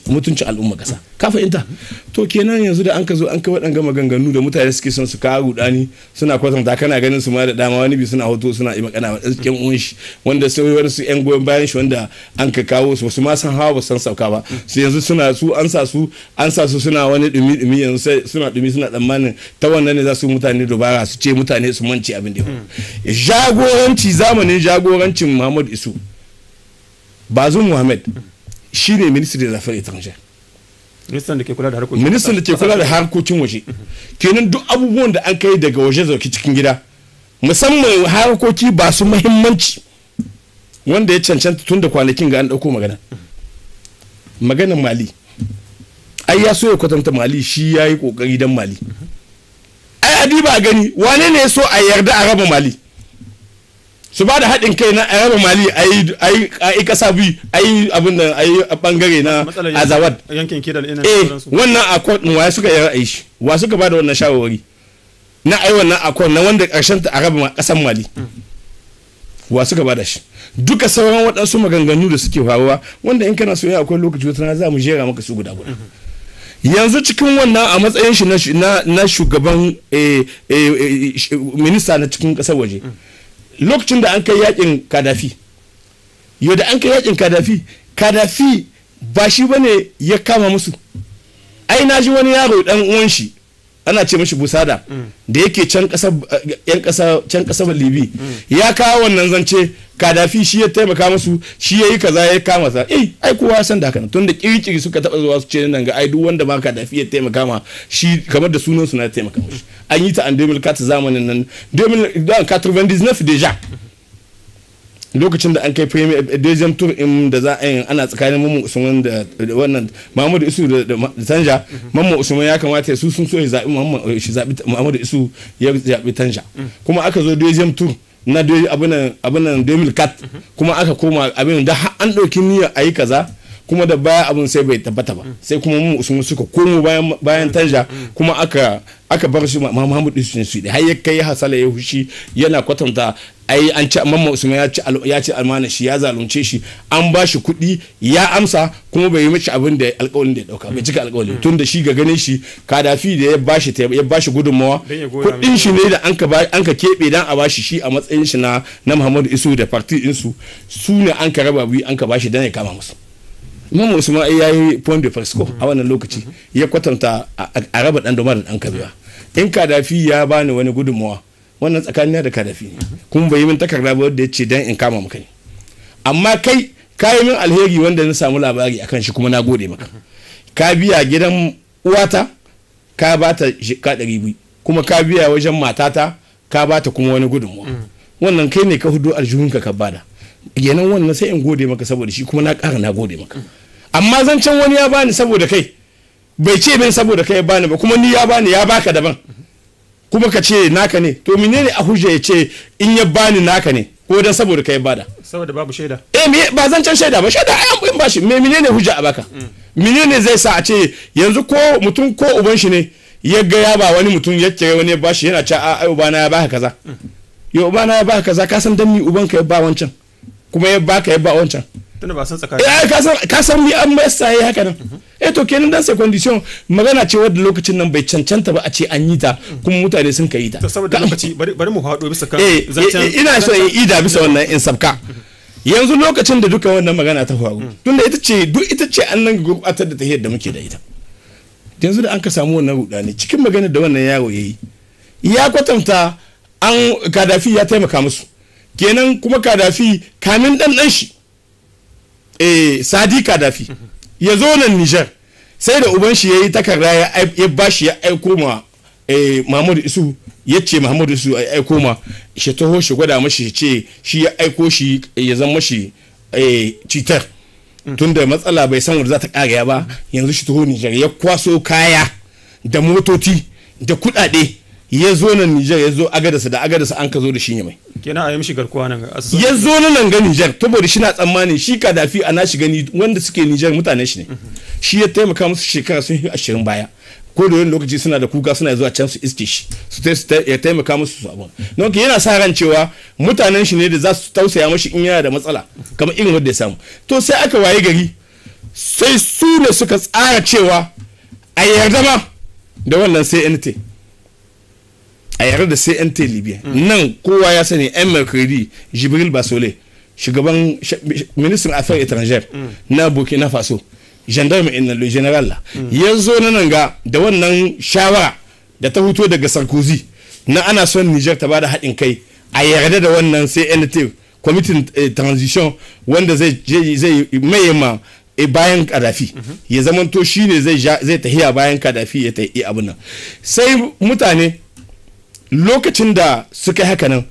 mutuncin al'umma kasa ka fahimta to kenan yanzu da an ka zo an kai waɗanga maganganu da mutane suke son su kawo rudani suna kwatanta kana ganin su ma da dama wani bi suna hoto suna yi magana wa ɗan cikin shi wanda sai wani su yan goyon bayan shi wanda an ka kawo su su ma san hawa san sauka ba su yanzu suna su an sa su an sa su suna wani dumi dumi yanzu sai suna dumi suna tsammanin ta wannan ne za su mutane dubara su ce mutane su manci abin da jagoranci zamanin jagorancin Muhammad Isu Bazum Muhammad shine ministry da zafi étrangère ministan da ke kula da harkokin ministan da ke kula da harkokin waje kenan duk abubuwan da an kai daga waje zauki cikin gida musamman harkoki ba su muhimmanci wanda ya cancanta tun da kwanakin ga an dauko magana maganan mali ai ya so ya kwatanta mali shi ya yi kokari don mali ai adi ba gani wane ne so a yarda a raba mali su ba da haɗin kai na a raba mali a yi ƙasa bi a yi abin da a yi ɓangare na azawad eh wannan akwai wa suka yi ra'ayi shi wa suka ba da wannan shawarwari na ai wannan akwai na wanda ƙarshen ta a raba ƙasan mali mm. wa suka bada shi duka sauran waɗansu maganganu da suke faruwa wanda in kana so ya akwai lokaci wata za mu jera maka su guda guda yanzu cikin wannan a matsayin shi na shugaban eh, eh, eh, minista na cikin kasar waje lokacin da an kai yakin kadafi yau da an kai yakin kadafi kadafi ba shi bane ya kama musu ai na ji wani yaro dan uwan shi ana ce mashi busada da yake can kasa can libi ya kawo wannan zance kadafi shi ya taimaka musu shi yi kaza ya kama sa ai eh, ai kowa san da haka tun da kirkiri suka taba zuwa su ce nan ga ai duk wanda ma kadafi ya taimaka ma shi kamar da sunan su na taimaka mushi an yi ta an 2004 zamanin nan 2099 deja lokacin da an kai premier eh, dejan tour in da za a yi ana tsakanin mamman usman da wannan mamadu isu da tanja mhm. mamman usman ya kamata su sun so ya zaɓi eh, shi isu ya zaɓi tanja mhm. kuma aka zo dejan tour na abinan 2004 mhm. kuma aka koma abin da an ɗauki niyyar a yi kaza kuma da baya abin sai bai tabbata ba sai kuma mu usman suka komo bayan bayan tanja kuma aka aka bar shi Muhammad Usman su har ya kai hasala ya hushi yana kwatanta ai an ci mamma Usman ya ci ya ci almana shi ya zalunce shi an ba shi kuɗi ya amsa kuma bai yi mishi abin da alƙawarin da ya dauka bai cika alƙawarin tun da shi ga ganin shi kadafi da ya shi ya shi gudunmawa kuɗin shi ne da an ka an ka kebe dan a ba shi shi a matsayin shi na na Muhammad Isu da party din su su ne an ka raba biyu an ka ba shi dan ya kama musu Mamman Usman ya yi point de a wannan lokaci ya kwatanta a raba dan doma da dan kabewa. In Kadafi ya bani wani gudunmawa wannan tsakanin da Kadafi ne. Kuma bai yi min takarda ba wanda ya ce dan in kama maka ne. Amma kai ka yi min alheri wanda na samu labari akan shi kuma na gode maka. Ka biya gidan uwata ka bata shika ɗari biyu kuma ka biya wajen matata ka bata kuma wani gudunmawa. Wannan kai ne ka hudu aljihunka ka bada. yanan wannan sai in gode maka saboda shi kuma na ƙara na gode maka amma zancen wani ya bani saboda kai bai ce min saboda kai ya bani ba kuma ni ya bani ya baka daban kuma ka ce naka ne to menene a hujja ya ce in ya bani naka ne ko dan saboda kai bada saboda babu shaida eh me ba zancen shaida ba shaida ai an bashi me menene hujja a baka mm. menene zai sa a ce yanzu ko mutum ko uban shi ne ya ga ya ba wani mutum ya ce wani ya bashi yana ce a ubana ya baka kaza mm. yo ubana ya baka kaza ka san dan ni uban ka ya ba wancan kuma ya baka ya ba wancan tunda ba san tsakani eh ka san ka san mi an mai sai haka nan eh to kenan dan sai condition magana ce wadda lokacin nan bai cancanta ba a ce an yi ta kuma mutane sun kai ta saboda lokaci bari mu haɗo bisa kan eh, zancan eh, eh, ina so in ida bisa wannan in sabka yanzu lokacin da duka wannan magana ta faru hmm. tunda ita ce duk ita ce an nan gurbatar da tahiyar da muke da ita yanzu da an ka samu wannan rudani cikin magana da wannan yaro ya yi ya kwatanta an kadafi ya taimaka musu kenan kuma kadafi kamin dan dan shi eh sadi kadafi ya zo nan nijar sai da uban shi ya yi takarda ya ba shi ya aiko ma eh, mahmud isu ya ce mahmud isu ya aiko ma shi taho shi gwada mashi ce shi ya aiko shi ya zama shi eh, citar mm. tunda matsala bai san wanda za ta ba yanzu shi taho nijar ya kwaso kaya da motoci da kudade ya zo nan Nijar ya zo agadasa da agadasa an ka zo da shi ne mai kenan a yi mishi garkuwa nan ya zo nan ga Nijar saboda shi na tsammanin shi ka dafi a nashi gani wanda suke Nijar mutane shi ne shi ya taimaka musu shekara sun yi ashirin baya ko da wani lokaci suna da kuka suna zuwa can su iske shi su ya taimaka musu su abu. don yana sa ran cewa mutanen shi ne da za su tausaya mashi in yana da matsala kamar irin wanda ya samu to sai aka waye gari sai su ne suka tsara cewa a yarda da wannan sai NT a yare da cnt libya nan kowa ya sani yan mercredi jibril basole shugaban ministan affair étrangère na burkina faso gendarme in le general la ya zo na nan ga da wannan shawara da ta huto daga sarkozy na ana son niger ta bada haɗin kai a yarda da wannan cnt kwamitin eh, transition wanda zai maye ma eh, bayan kadafi ya zamanto shine zai tahiya bayan kadafi ya tahi abin nan sai mutane lokacin da suka haka nan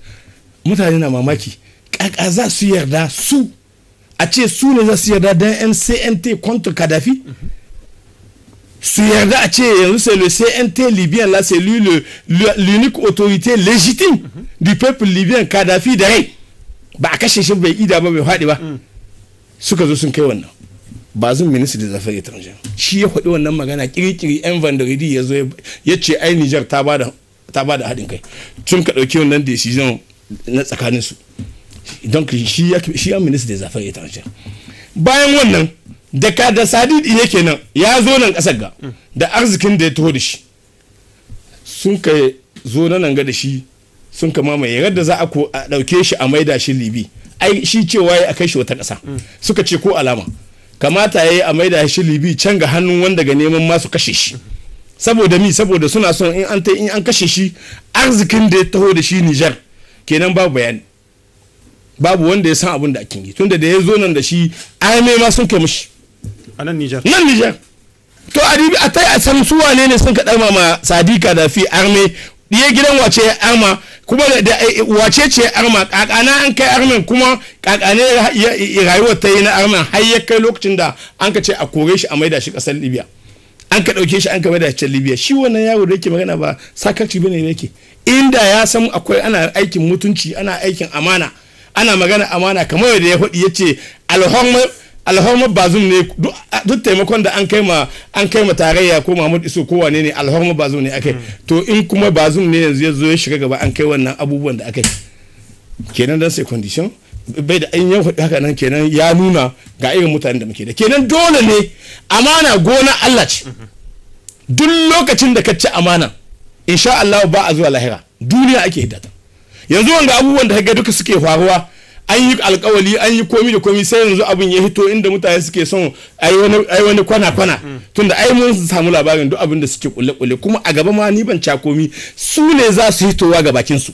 mutane na mamaki kaka za su yarda su a ce su ne za su yarda don mcnt contre kadafi su yarda a ce yanzu c'est le cnt libyen la c'est lui l'unique autorité légitime du peuple libyen kadafi da rai ba a kashe shi bai ida ba bai faɗi ba suka zo sun kai wannan ba zan ministry des affaires étrangères shi ya faɗi wannan magana kirkiri yan vandaridi ya zo ya ce ai niger ta ba da ta ba da haɗin kai sun ka ɗauki wannan decision na tsakanin su don shi ya ya minista da zafin ita wancan bayan wannan da ka da sadidi yake nan ya zo nan ƙasar ga da arzikin da ya taho da shi sun ka zo na nan ga da shi sun ka mamaye yadda za a ɗauke shi a maida shi libi ai shi cewa ya kai shi wata ƙasa suka ce ko alama kamata ya yi a maida shi libi can ga hannun wanda ga neman masu kashe shi saboda mi saboda suna son in an ta in an kashe shi arzikin da ya taho da shi Niger kenan babu bayani babu wanda ya san abin da ake yi tunda da ya zo nan da shi IMA ma sun kai mushi. a nan Niger nan Niger to adibi a tai a san su wane ne sun kaɗa ma. Sadika da fi arme diye gidan wace ya arma kuma da eh, wace ce arma kakana an kai armen kuma kakane rayuwar ta yi na armen har ya kai lokacin da an ka ce a kore shi a maida shi ƙasar Libya an ka ɗauke shi an ka da can libya shi wannan yawon da yake magana ba sakarci bane ne yake inda ya san akwai ana aikin mutunci ana aikin amana ana magana amana kamar yadda ya faɗi ya ce alhormar bazum ne duk taimakon da an kai ma an kai ma tarayya ko mahmud iso ko wane ne alhormar bazum ne akai hmm. to in kuma bazum ne yanzu ya zo ya shiga gaba an kai wannan abubuwan da akai kenan dan sai condition bai da an yau haka nan kenan ya nuna ga irin mutane da muke da kenan dole ne amana gona Allah ce duk lokacin da ka ci amana insha Allah ba a zuwa lahira duniya ake hidata yanzu wanga abubuwan da ga duka suke faruwa an yi alkawali an yi komi da komi sai yanzu abin ya hito inda mutane suke son ai wani kwana kwana mm. tunda ai mun samu labarin duk abin da suke kulle kulle kuma a gaba ma ni ban ca komi su ne za su hitowa ga bakin su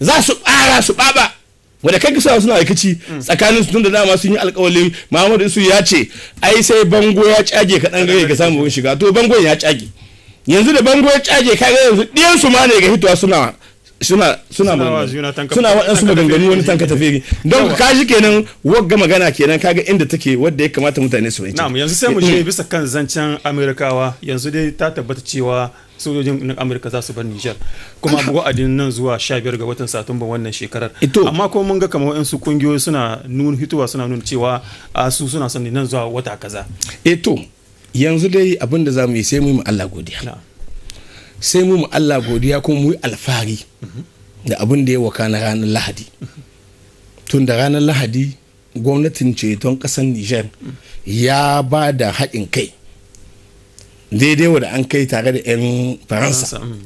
za su ƙara su baba wanda kai kisa suna aikaci mm. tsakanin su tunda dama sun yi alkawalin Muhammadu Isu ya ce ai sai bango ya cage kaɗan gare ka samu shiga to bango ya cage yanzu da bango ya cage ga yanzu ɗiyan su ma ne ga hitowa suna suna suna suna waɗansu maganganu wani tanka tafiri don ka shi kenan wagga magana kenan kaga inda take wadda ya kamata mutane su fahimci yanzu sai mu je mm. bisa kan zancen amerikawa yanzu dai ta tabbata cewa sojojin na amurka za su bar nijar kuma wa'adin nan zuwa 15 ga watan satumba wannan shekarar amma kuma mun ga kamar wayansu kungiyoyi suna nuna hitowa suna nuna cewa a su suna son nan zuwa wata kaza eto yanzu dai abin da za mu yi sai mu yi Allah godiya sai mu mu Allah godiya kuma mu yi alfahari mhm. da abin da ya waka na ranar lahadi mhm. tun da ranar lahadi gwamnatin ceton kasar nijar mhm. ya ba da haɗin kai daidai wadda an kai tare da 'yan faransa mm.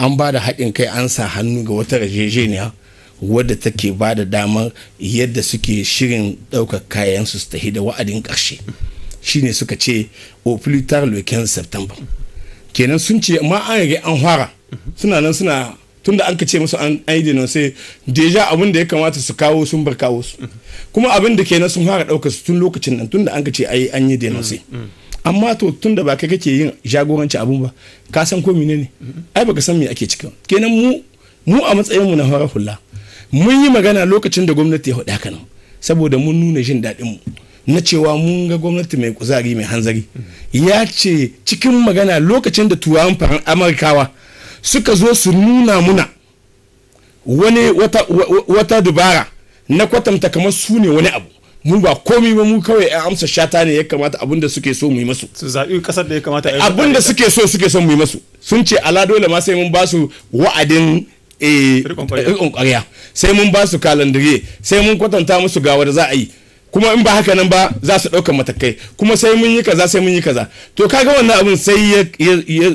an ba da haɗin kai an sa hannu ga wata rajejeniya wadda take ba da damar yadda suke shirin ɗaukar kayan su tafi da wa'adin ƙarshe shine suka ce o plus tard le kenan sun ce ma an rage an fara suna nan suna tunda an ka ce musu an yi nan sai deja abin da ya kamata su kawo sun bar kawo su kuma abin da kenan sun fara ɗaukar su tun lokacin nan da an ka ce an yi denose. sai mm, mm. amma to tun da ba kai kake yin jagoranci abun ba ka san ko mine ne ai baka san me ake cikin kenan mu mu a matsayin mu na fara hula mun yi magana lokacin da gwamnati ya hada kana saboda mun nuna jin daɗin mu na cewa mun ga gwamnati mai kuzari mai hanzari ya ce cikin magana lokacin da turawan faran amurkawa suka zo su nuna muna wani wata, wata dubara na kwatanta kamar su ne wani abu mu ba komi ba mu kawai yan amsa shata ne ya kamata abin da suke so mu yi masu su zaɓi kasar da ya kamata abin da suke so suke son mu yi masu sun ce ala dole ma sai mun ba su wa'adin eh, rikon ƙwarya sai mun ba su kalandire sai mun kwatanta musu ga wanda za a yi kuma in ba haka nan ba za su ɗaukar matakai kuma sai mun yi kaza sai mun yi kaza to kaga wannan abin sai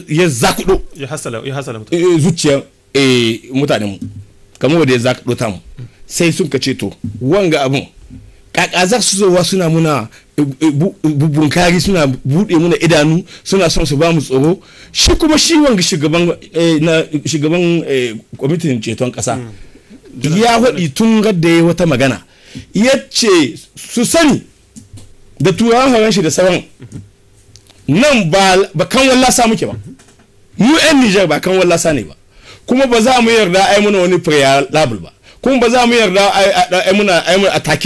ya zakudo ya hasala eh, zuciyar eh, mutanenmu kamar wanda ya zakudo ta mu sai sun ka ce to wanga abin kaka za su zowa suna muna e, e, e, bunkari suna buɗe muna idanu suna son su ba mu tsoro shi kuma shi wanga shugaban kwamitin ceton kasa mm. ya waɗi tun da ya wata magana ya ce su sani da turawan horon shi da sauran nan ba kan wallasa muke ba mu 'yan nijar ba kan wallasa ne ba kuma ba za mu yarda ai muna wani prealable ba kuma ba za mu yarda ai muna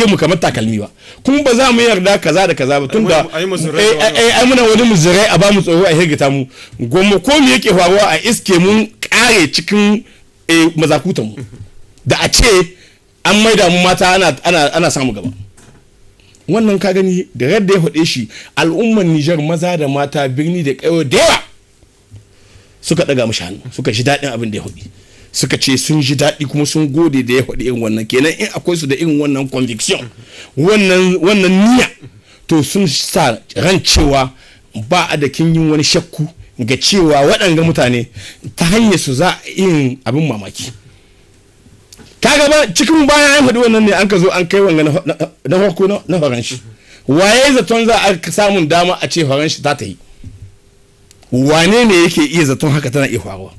mu kamar takalmi ba kuma ba za mu yarda kaza da kaza ba tunda ai muna wani muzirai a ba mu tsoro a hirgita mu gomma ko me yake faruwa a iske mun kare cikin eh, mazakutan mu da a ce an maida mu mata ana samu gaba wannan ka gani da yadda ya faɗe shi al'ummar Nijar maza da mata birni da ƙauye da yawa suka ɗaga mu shanu suka shi daɗin abin da ya faɗi suka ce sun ji daɗi kuma sun gode da ya faɗi irin wannan kenan in akwai su da irin wannan conviction wannan niyya to sun sa ran cewa ba a da kin yin wani shakku ga cewa waɗanga mutane ta hanyar su za a yin abin mamaki kaga ba cikin baya an faɗi wannan ne an ka zo an kai wanga na farko na faranshi waye zaton za a samun dama a ce faranshi ta ta yi wane ne yake iya zaton haka tana iya faruwa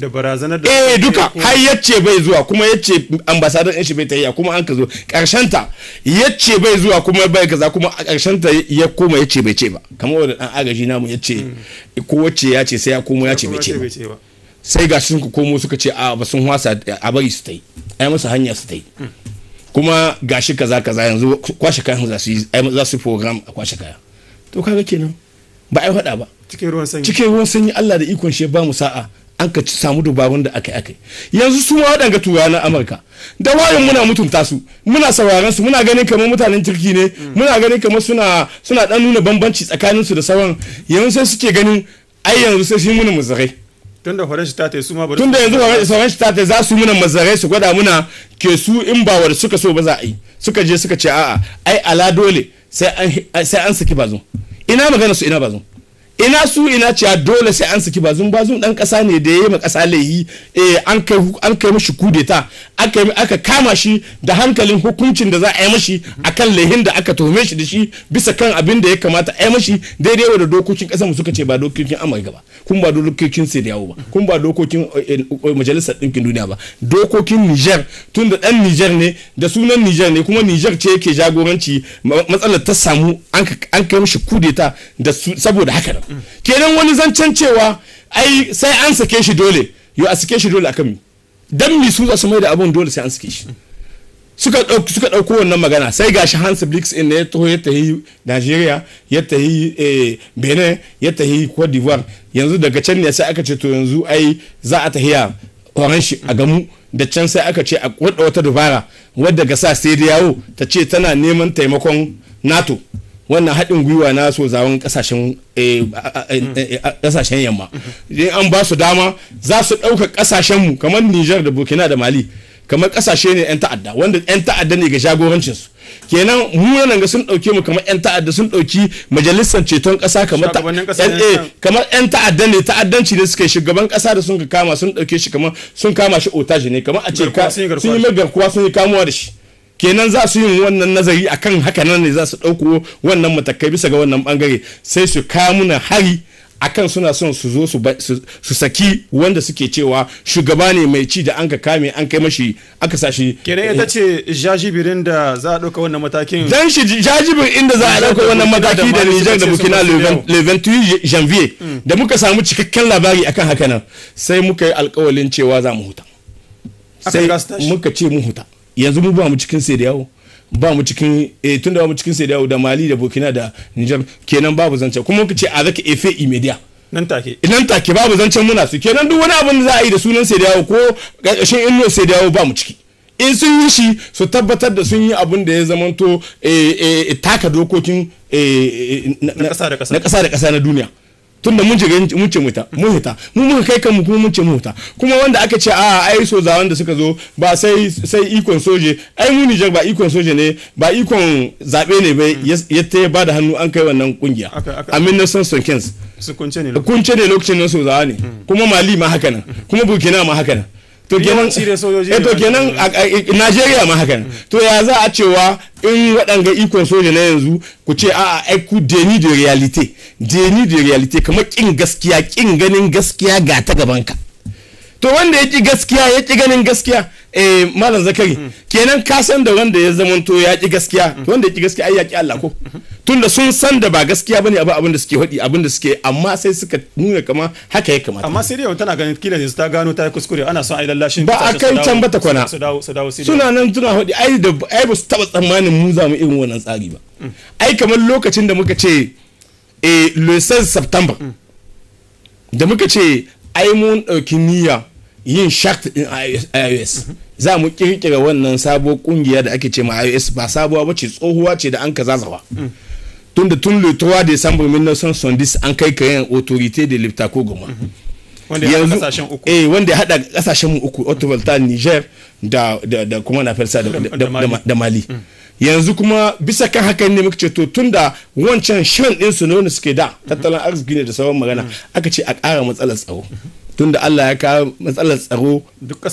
da barazanar da eh duka har yace bai zuwa kuma yace ambassador din shi bai tayya kuma an ka zo karshen ta yace bai zuwa kuma bai kaza kuma a karshen ta ya koma yace bai ce ba kamar wanda dan agaji namu yace hmm. ko wace ya ce sai ya komo yace bai ce ba sai ga sun ku komo suka ce a ba sun wasa a bari su tai ai musu hanya su tai hmm. kuma gashi kaza kaza yanzu kwashe kayan za su yi za su program a kwashe kaya to kaga kenan ba ai fada ba cikin ruwan sanyi cikin ruwan sanyi Allah da ikon shi ba mu sa'a an ka samu dubarun da aka aka yanzu su ma waɗanga tura na amurka da wayan muna mutunta su muna sauraron su muna ganin kamar mutanen jirgi ne mm. muna ganin kamar suna suna dan nuna bambanci tsakanin su da sauran yanzu sai suke ganin ai yanzu sai shi muna muzarai tunda horon shi ta su ma bari tunda yanzu horon shi ta za su muna muzarai su gwada muna ke su in ba wanda suka so ba za a yi suka je suka ce a'a ai ala dole sai an sai an saki bazo ina magana su ina bazo ina su ina cewa dole sai an saki bazun bazun dan kasa ne da yayi ma kasa laihi eh an kai an kai mishi kudeta aka aka kama shi da hankalin hukuncin da za a yi mishi akan laihin da aka tuhume shi da shi bisa kan abin da ya kamata a yi mishi daidai da dokokin kasar mu suka ce ba dokokin Amurka ba kun ba dokokin Sediyawo ba kun ba dokokin eh, eh, eh, majalisar ɗinkin duniya ba dokokin Niger tunda dan Niger ne da sunan Niger ne kuma Niger ce yake jagoranci matsalar ta samu an kai mishi kudeta da saboda haka kenan wani zancen cewa ai sai an sake shi dole yo a sake shi dole akan mi dan mi su su mai da abun dole sai an sake shi suka dauki suka ɗauko wannan magana sai gashi Hans Blix in ne to ya tahi Nigeria ya tahi eh, Benin ya tahi Cote d'Ivoire yanzu daga can ne sai aka ce to yanzu ai za a tahiya horon shi a gamu da can sai aka ce a wadda wata dubara wadda gasa sai da yawo ta ce tana neman taimakon NATO wannan haɗin gwiwa na so sozawan ƙasashen eh, eh, eh, yamma an ba su dama za su ɗauka ƙasashenmu kamar Niger da burkina da mali kamar ƙasashe ne 'yan ta'adda wanda 'yan ta'adda ne ga jagorancinsu kenan mu nan ga sun ɗauke mu kamar 'yan ta'adda sun ɗauki majalisar ceton ƙasa kamar kamar 'yan ta'adda ne ta'addanci ne suka yi shugaban ƙasa da sun kama sun ɗauke shi kamar sun kama shi otaji ne kamar a ce sun yi mai garkuwa sun yi kamuwa da shi kenan za su yi wannan nazari akan haka nan ne za su ɗauko wannan matakai bisa ga wannan bangare sai su kamuna hari akan suna son su zo su saki wanda suke cewa shugaba ne mai ci da an ka kame an kai mashi aka sa shi kenan ita eh, ce jajibirin da za a ɗauka wannan matakin dan shi jajibirin inda za a ɗauka wannan mataki da Niger da Burkina le 28 janvier hmm. da muka samu cikakken labari akan haka nan sai muka yi alkawalin cewa za mu huta sai muka ce mu huta yanzu mu ba mu cikin sai ba mu cikin eh tunda ba mu cikin sai da Mali da Burkina da Niger kenan babu zance kuma muka ce a zaka efe imedia nan take nan take babu zancen muna su kenan duk wani abin da za a yi da sunan sai ko ƙarƙashin inno sai ba mu ciki in sun yi shi su tabbatar da sun yi abin da ya zamanto eh, eh, taka dokokin eh, na kasa da kasa na duniya tunda mun ce mun ce muta mun hita mun muka kai kanmu kuma mun ce mun huta kuma wanda aka ce a ai soza wanda suka zo ba sai sai ikon soje ai mu Niger ba ikon soje ne ba ikon zabe ne bai ya ta ba da hannu an kai wannan kungiya a 1975 kunce ne lokacin nan soza ne hmm. kuma Mali ma haka nan hmm. kuma Burkina ma haka nan to kenan eh, to kenan Najeriya ma haka to ya za a cewa in waɗanga ikon soja na yanzu ku ce a ai ku deni de realite deni de realite kamar kin gaskiya kin ganin gaskiya ga ta gaban to wanda ya ki gaskiya ya ki ganin gaskiya eh malam zakari mm. kenan ka san da wanda ya zamanto ya ki gaskiya mm. wanda ya ki gaskiya ai ya ki Allah ko mm-hmm. tunda sun san da ba gaskiya bane abu abin da suke hadi abin da suke amma sai suka nuna kama haka ya kamata amma Siriya tana ganin kila ne ta gano ta kuskure ana son ai lallashin ba a kai can bata kwana suna nan suna hadi ai da ai ba su taba tsammanin mu za mu irin wannan tsari ba mm. ai kamar lokacin da muka ce eh le 16 september da muka ce ai mun dauki niyya yin shakt in ios za mu kirkira wannan sabo kungiya da ake ce ma ios ba sabuwa ba ce tsohuwa ce da an ka zazawa tun da tun le 3 son 1970 an kai kayan autorite de lipta ko goma wanda ya hada kasashen uku eh, otovalta niger da kuma na felsa da mali mm. yanzu kuma bisa kan haka ne muka ce to tun da wancan shan ɗinsu ne wanda suke da tattalin arziki ne da sauran magana mm. aka ce a ƙara matsalar tsaro tunda Allah ya kawo matsalar tsaro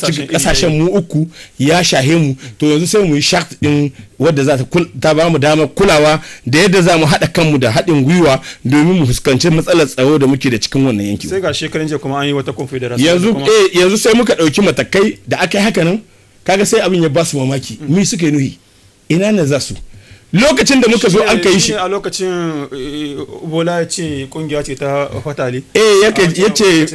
cikin kasashen mu uku ya shahe mu to yanzu sai mu yi shart din wadda za ta ba mu damar kulawa da yadda za mu haɗa kanmu da haɗin gwiwa domin mu fuskanci matsalar tsaro da muke da cikin wannan yanki sai ga shekarun jiya kuma an yi wata confederation yanzu eh yanzu sai muka ɗauki matakai da aka yi haka nan kaga sai abin ya ba su mamaki mm. mi suka yi nuhi ina ne za su lokacin da muka zo an kai shi a lokacin eh, bola ya ce kungiya ce ta fatali. eh ya ce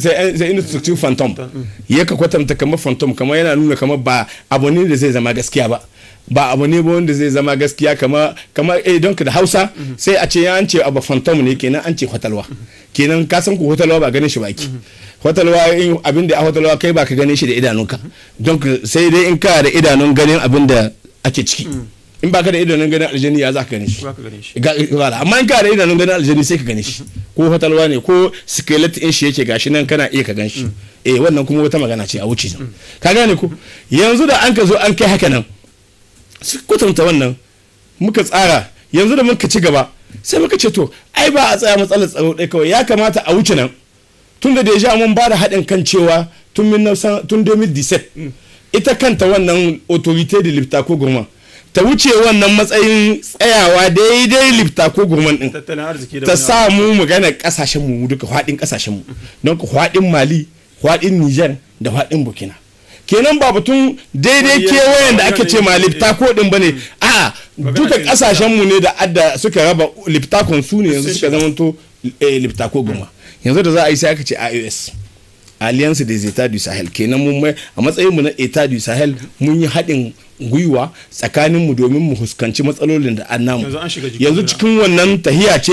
sai instructive phantom mm. ya ka kwatanta kamar phantom kamar yana nuna kamar ba abu ne da zai zama gaskiya ba ba abu ne ba wanda zai zama gaskiya kama kama eh don da Hausa mm-hmm. sai a ce an ce abu phantom ne kenan an ce hotalwa mm-hmm. kenan ka san ku hotalwa ba ganin shi baki mm-hmm. hotalwa in abin da a hotalwa kai ba ka ganin shi da idanunka don sai dai in ka da idanun ganin abin da ake ciki mm. in baka da idanun ganin aljani ya za ka gane shi amma in ka da idanun ganin aljani sai ka gane shi ko fatalwa ne ko skelet in shi yake gashi nan kana iya ka gan shi eh wannan kuma wata magana ce a wuce zan ka gane ko yanzu da an ka zo an kai haka nan su kwatanta wannan muka tsara yanzu da muka ci gaba sai muka ce to ai ba a tsaya matsalar tsaro ɗaya kawai ya kamata a wuce nan tun da deja mun ba da haɗin kan cewa tun 2017 ita kanta wannan autorité de l'état ko gurma ta wuce wannan matsayin tsayawa daidai lifta ko gurman din ta samu magana kasashen mu duka hwadin kasashen mu don ku hwadin mali hwadin niger da hwadin burkina kenan ba batun daidai kewayen da ake ce ma ko din bane hmm. a duka kasashen mu ne da adda suka raba liptakon su ne yanzu suka eh, lifta ko goma yanzu da za a yi sai aka ce ios alliance des états du sahel kenan mun a matsayin mu na etat du sahel mun yi haɗin gwiwa tsakanin mu domin mu huskanci matsalolin da an namu yanzu cikin wannan tahiya ce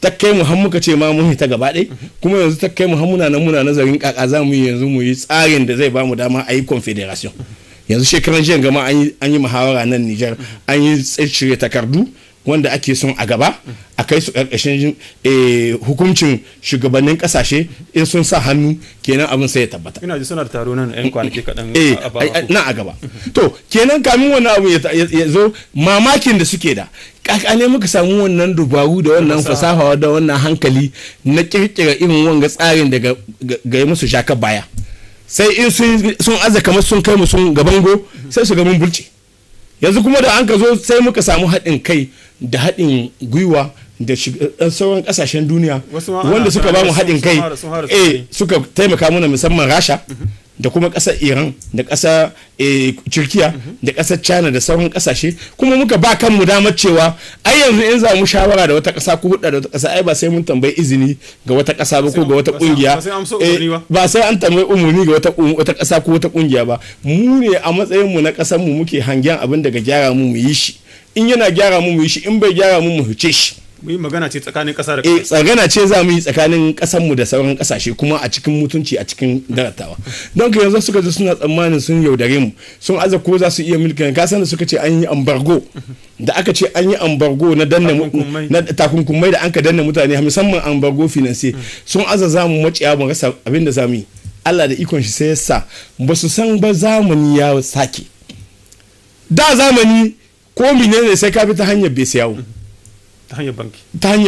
ta kai mu muka ce ma mun ta gaba ɗaya kuma yanzu ta kai mu muna nan muna nazarin kaka za mu yi yanzu mu yi tsarin da zai ba mu dama a yi confederation yanzu shekaran jiya gama an yi muhawara nan nijar an yi tsirce takardu wanda ake son a gaba a kai su karkashin eh, hukuncin shugabannin kasashe in sun sa hannu kenan abin sai ya tabbata ina ji suna da taro nan yan kwanaki kaɗan eh, na a gaba to kenan kamin wannan abu ya zo mamakin da suke da kakane muka samu wannan dubaru da wannan fasaha da wannan hankali na kirkira irin wanga tsarin daga ga musu shakar baya sai in sun azaka kamar sun kai mu sun gabango sai su ga mun yanzu kuma da an ka zo sai muka samu haɗin kai da haɗin gwiwa da eh, eh, sauran ƙasashen duniya wanda suka ba mu haɗin kai e suka taimaka mana musamman rasha mhm. da kuma ƙasar iran da ƙasar eh, turkiya da ƙasar china da sauran ƙasashe kuma muka ba kanmu damar cewa ai yanzu in za mu shawara da wata ƙasa ko hudda da wata ƙasa ai ba sai mun tambayi izini ga wata ƙasa ba ko ga wata ƙungiya ba sai an eh, tambayi umurni ga wata ƙasa ko wata ƙungiya ba mu ne a matsayinmu na ƙasar mu muke hangen abin daga gyara mu mu yi shi in yana gyara mu mu yi shi in bai gyara mu mu huce shi mu yi magana ce tsakanin ƙasa da eh, ƙasa. tsagana ce za mu yi tsakanin ƙasanmu da sauran ƙasashe kuma a cikin mutunci a cikin darattawa don ka yanzu suka ji suna tsammanin sun yaudare mu sun aza ko za su iya mulkin ka sani suka ce an yi ambargo da aka ce an yi ambargo na danna na takunkumai da an ka danna mutane musamman ambargo finance sun aza za mu maciya mu rasa abin da za mu yi Allah da ikon shi sai ya sa ba su san ba zamani ya sake da zamani ko ne sai ka bi ta hanyar bai siyawo. ta hanyar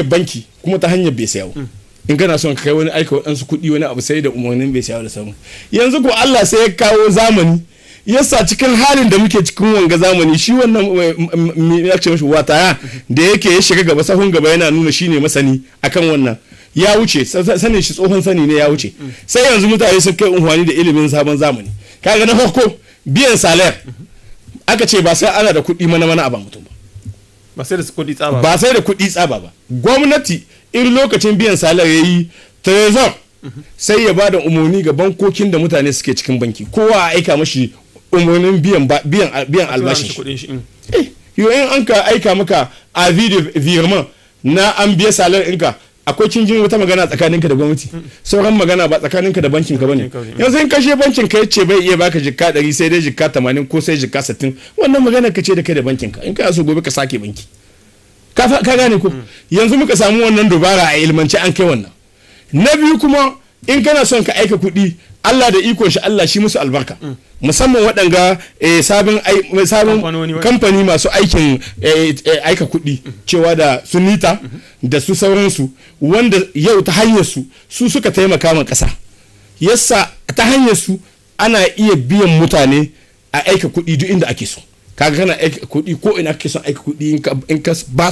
banki ta kuma ta hanyar bai sayawo hmm. in kana son ka kai wani aika waɗansu kuɗi wani abu sai da umarnin bai sayawo da sauran yanzu ko Allah sai ya kawo zamani yasa cikin halin da muke cikin wanga zamani shi wannan ya eh, ce mashi wataya da yake ya shiga gaba sahun gaba yana nuna shine masani akan wannan ya wuce sanin shi tsohon sani ne ya wuce hmm. sai yanzu mutane sun kai unhwani da ilimin sabon zamani kaga na farko biyan salar hmm. aka ce ba sai ana da kuɗi mana mana a ba mutum ba ba sai da kuɗi tsaba ba sai da kuɗi tsaba ba gwamnati in lokacin biyan salar ya yi trezor sai ya ba da umarni ga bankokin da mutane suke cikin banki kowa a aika mashi umarnin biyan biyan albashin yoyin mm. eh, an ka aika maka a virement na an biya salar inka akwai cin wata magana tsakaninka da gwamnati sauran magana ba tsakaninka da bankin ka bane yanzu in kashe bankin ka yace bai iya baka jikka 100 sai dai jikka 80 ko sai jikka 60 wannan magana ka ce da kai da bankin ka in ka so gobe ka sake banki ka ka gane ko mm. yanzu muka samu wannan dubara a ilmanci an kai wannan na biyu kuma in kana son ka aika kuɗi Allah da iko shi Allah shi musu albarka musamman waɗanga eh, sabon kamfani masu aikin eh, eh, aika kuɗi cewa da sunita da su sauransu wanda yau ta hanyar su su suka taimaka ma ƙasa yasa ta hanyar su ana iya biyan mutane a aika kuɗi duk inda ake so kaga kana aika kuɗi ko ina kake son aika kuɗi in ka ba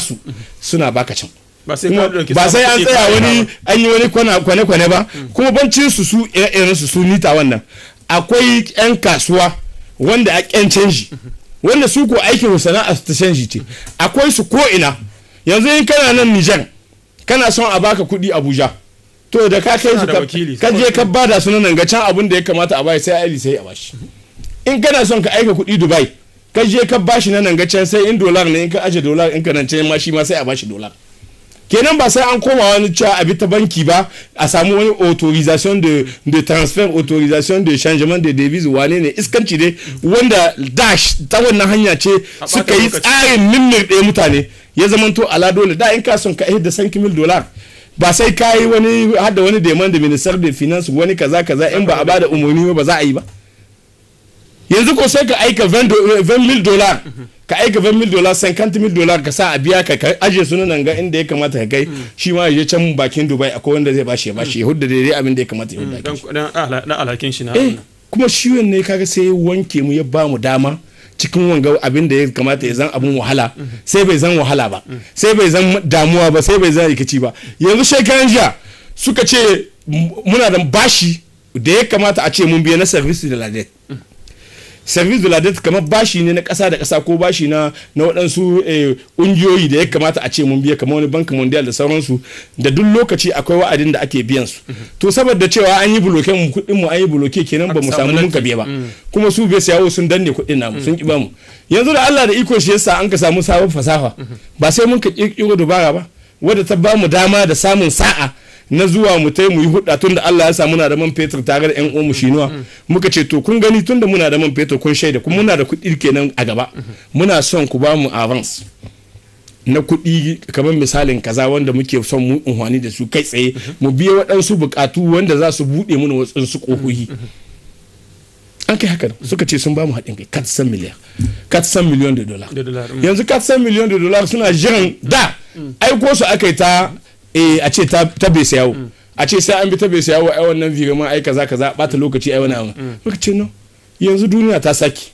suna baka can ba sai an tsaya wani an yi wani kwane-kwane ba kuma bancin su su irin su su nita wannan akwai 'yan kasuwa wanda a yan canji wanda su ko aikin sana'a ta canji ce akwai su ko ina yanzu in kana nan Nijar kana son a baka kuɗi Abuja to da ka kai su ka je ka bada su nan ga can abin da ya kamata a bayi sai a sai a bashi in kana son ka aika kuɗi Dubai ka je ka bashi nan ga can sai in dolar ne in ka aje dolar in ka nan can ma shi ma sai a bashi dolar kenan ba sai an koma wani cewa bi ta banki ba a samu wani autorisation de, de transfer autorisation de changement de devis wane ne iskanci ne wanda dash ta wannan hanya ce suka yi tsarin ɗaya mutane ya zamanto ala dole da in ka son ka da sanki mil dolar ba sai ka yi wani hada wani demand da minister da finance wani kaza kaza in ba a bada umarni ba za a yi ba yanzu ko sai ka aika 20 eh, mil dolar ka aika 20 mil dolar 50 mil dolar ka sa a biya ka ajiye su nan ga inda ya kamata ka kai shi ma yaje can bakin dubai akwai wanda zai bashi ya bashi ya hudda daidai abin da ya kamata ya hudda hmm, dan alhakin shi na eh, kuma shi ne kaga sai ya wanke mu ya ba mu dama cikin wanga abin da ya kamata ya zan abin wahala sai bai zan wahala ba sai bai zan damuwa ba sai bai zan rikici ba yanzu shekaran jiya suka ce muna da bashi da ya kamata a ce mun biya na service da ladet service de la dette kamar bashi ne na kasa da kasa ko bashi na na waɗansu eh, ƙungiyoyi da ya kamata a ce mun biya kamar wani bank mondial da sauransu da duk lokaci akwai wa'adin da ake biyan su to saboda cewa an yi bloke mu kuɗin mu an yi buloke kenan ba mu samu mun ka biya ba mm. kuma su bai sayawo sun danne kuɗin namu sun ki mu yanzu da Allah da iko shi yasa an ka samu sabon fasaha ba sai mun ka kirkiro dubara ba wadda ta ba mu dama da samun sa'a na zuwa mu tai mu yi hudda tunda Allah ya sa muna da man fetur tare da yan uwan mu shinuwa mm, mm, mm. muka ce to kun gani tunda muna da man fetur kun shaida kuma muna da kuɗi kenan a gaba muna son ku ba mu avance na kuɗi kamar misalin kaza wanda muke son mu unhwani da su kai tsaye mu biya waɗansu buƙatu wanda za su buɗe mana wasu ƙofofi an kai haka suka ce sun ba mu haɗin kai 400 miliyan 400 miliyan da dola yanzu 400 miliyan da dola suna jiran da aiko su aka yi ta eh a ce ta bai yawo a ce sai an bi ta bai sayawo ai wannan a ai kaza kaza bata lokaci ai wani abu mm. muka ce no yanzu duniya ta saki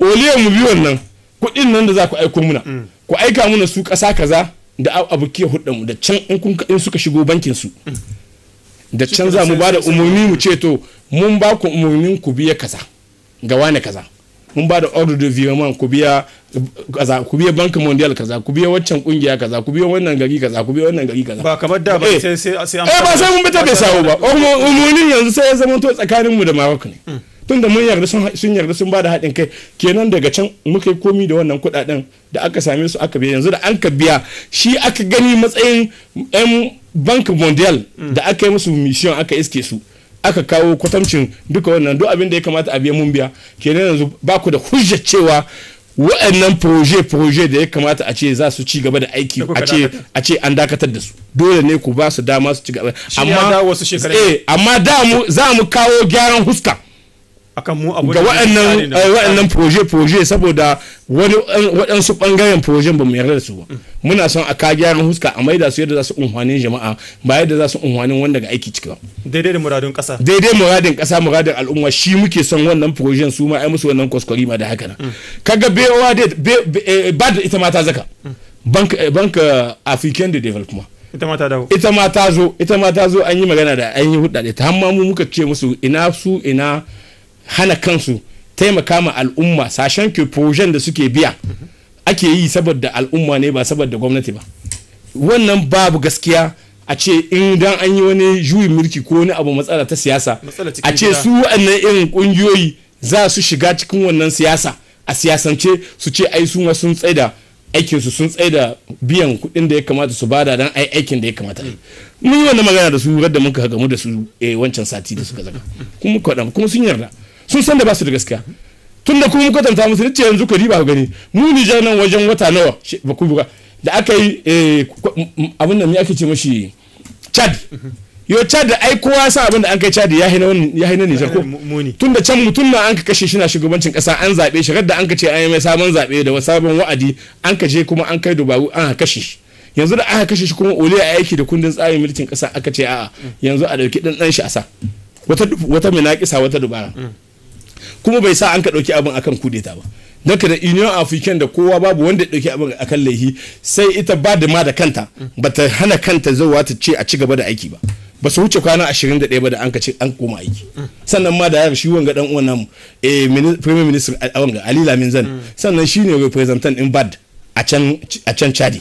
oliyan mu bi wannan kuɗin nan da za ku aiko muna mm. ku aika muna su ƙasa kaza da abu ke mu da can in suka shigo bankin su mm. da can za mu ba da umarni mu ce to mun ba ku umarnin ku biya kaza ga wane kaza mun ba da ordre de virement ku biya kaza ku biya bank mondial kaza ku biya waccan kungiya kaza ku biya wannan gari kaza ku biya wannan gari kaza ba kamar da ba eh, sai sai an eh ba sai mun bata bai sawo ba umuni yanzu sai ya zama to tsakanin mu da Morocco ne hmm. tun da mun yarda sun yarda sun ba da haɗin kai kenan daga can muka yi komi da wannan kuɗaɗen da aka same su aka biya yanzu da an ka biya shi aka gani matsayin ɗan bank mondial hmm. da aka yi musu mission aka iske su aka kawo kwatancin duka wannan duk abin da ya kamata a biya mun biya kenan yanzu ba ku da hujjar cewa waɗannan proje-proje da ya kamata a ce za su ci gaba da aiki a ce an dakatar da su dole ne ku ba su dama su ci gaba eh, amma da mu za mu kawo gyaran huska akan mu abu ga wa'annan eh, wa'annan proje proje saboda wani eh, waɗansu ɓangaren proje ba mu yarda da su ba muna son a ka gyaran huska a maida su yadda za su unhwanin jama'a ba yadda za su unhwanin wanda ga aiki cikin ba daidai da muradun ƙasa daidai muradin ƙasa muradin al'umma shi muke son wannan proje su ma ai musu wannan kwaskwari ma da haka nan mm. kaga bewa da eh, ba da ita mata zaka mm. bank bank african de development ita ma ta dawo ita ma ta zo ita ma ta zo an yi magana da an yi hudda da ta hamma mu muka ce musu ina su ina hana kansu taimaka ma al'umma sashen ke projen da suke biya ake yi saboda al'umma ne ba saboda gwamnati ba wannan babu gaskiya a ce in an yi wani juyin mulki ko wani abu matsala ta siyasa a ce su wannan irin kungiyoyi za su shiga cikin wannan siyasa a siyasance su ce ai su sun tsaida aikin su sun tsaida biyan kuɗin da ya kamata su bada dan ai aikin da ya kamata mun yi wannan magana da su da muka gamu da su eh, wancan sati da suka zaka kuma kuma sun yarda sun san da ba su da gaskiya tun da kuma kwatanta musu ce yanzu ku riba gani mu Nijar nan wajen wata nawa ba ku buga da aka yi abin da mu ake ce mashi Chad yo Chad ai kowa sa abin da an kai Chad ya haina ya haina Nijar ko tun da can mutum na an ka kashe shi na shugabancin kasa an zabe shi da an ka ce an yi mai sabon zabe da sabon wa'adi an ka je kuma an kai dubaru an kashe shi yanzu da aka kashe shi kuma ole a aiki da kundin tsarin mulkin kasa aka ce a'a mm. yanzu a dauki dan dan shi a sa wata wata minakisa wata dubara mm. kuma bai sa an ka ɗauki abin akan kudeta ba don ka da union african da kowa babu wanda ya ɗauki abin akan laifi sai ita ba da ma da kanta ba ta hana kanta zuwa ta ce a ci gaba da aiki ba ba su wuce kwana 21 ba da an ce an koma aiki sannan ma da shi wanga dan uwan namu eh prime minister wanga ali lamin zan sannan shine representant in bad a can chadi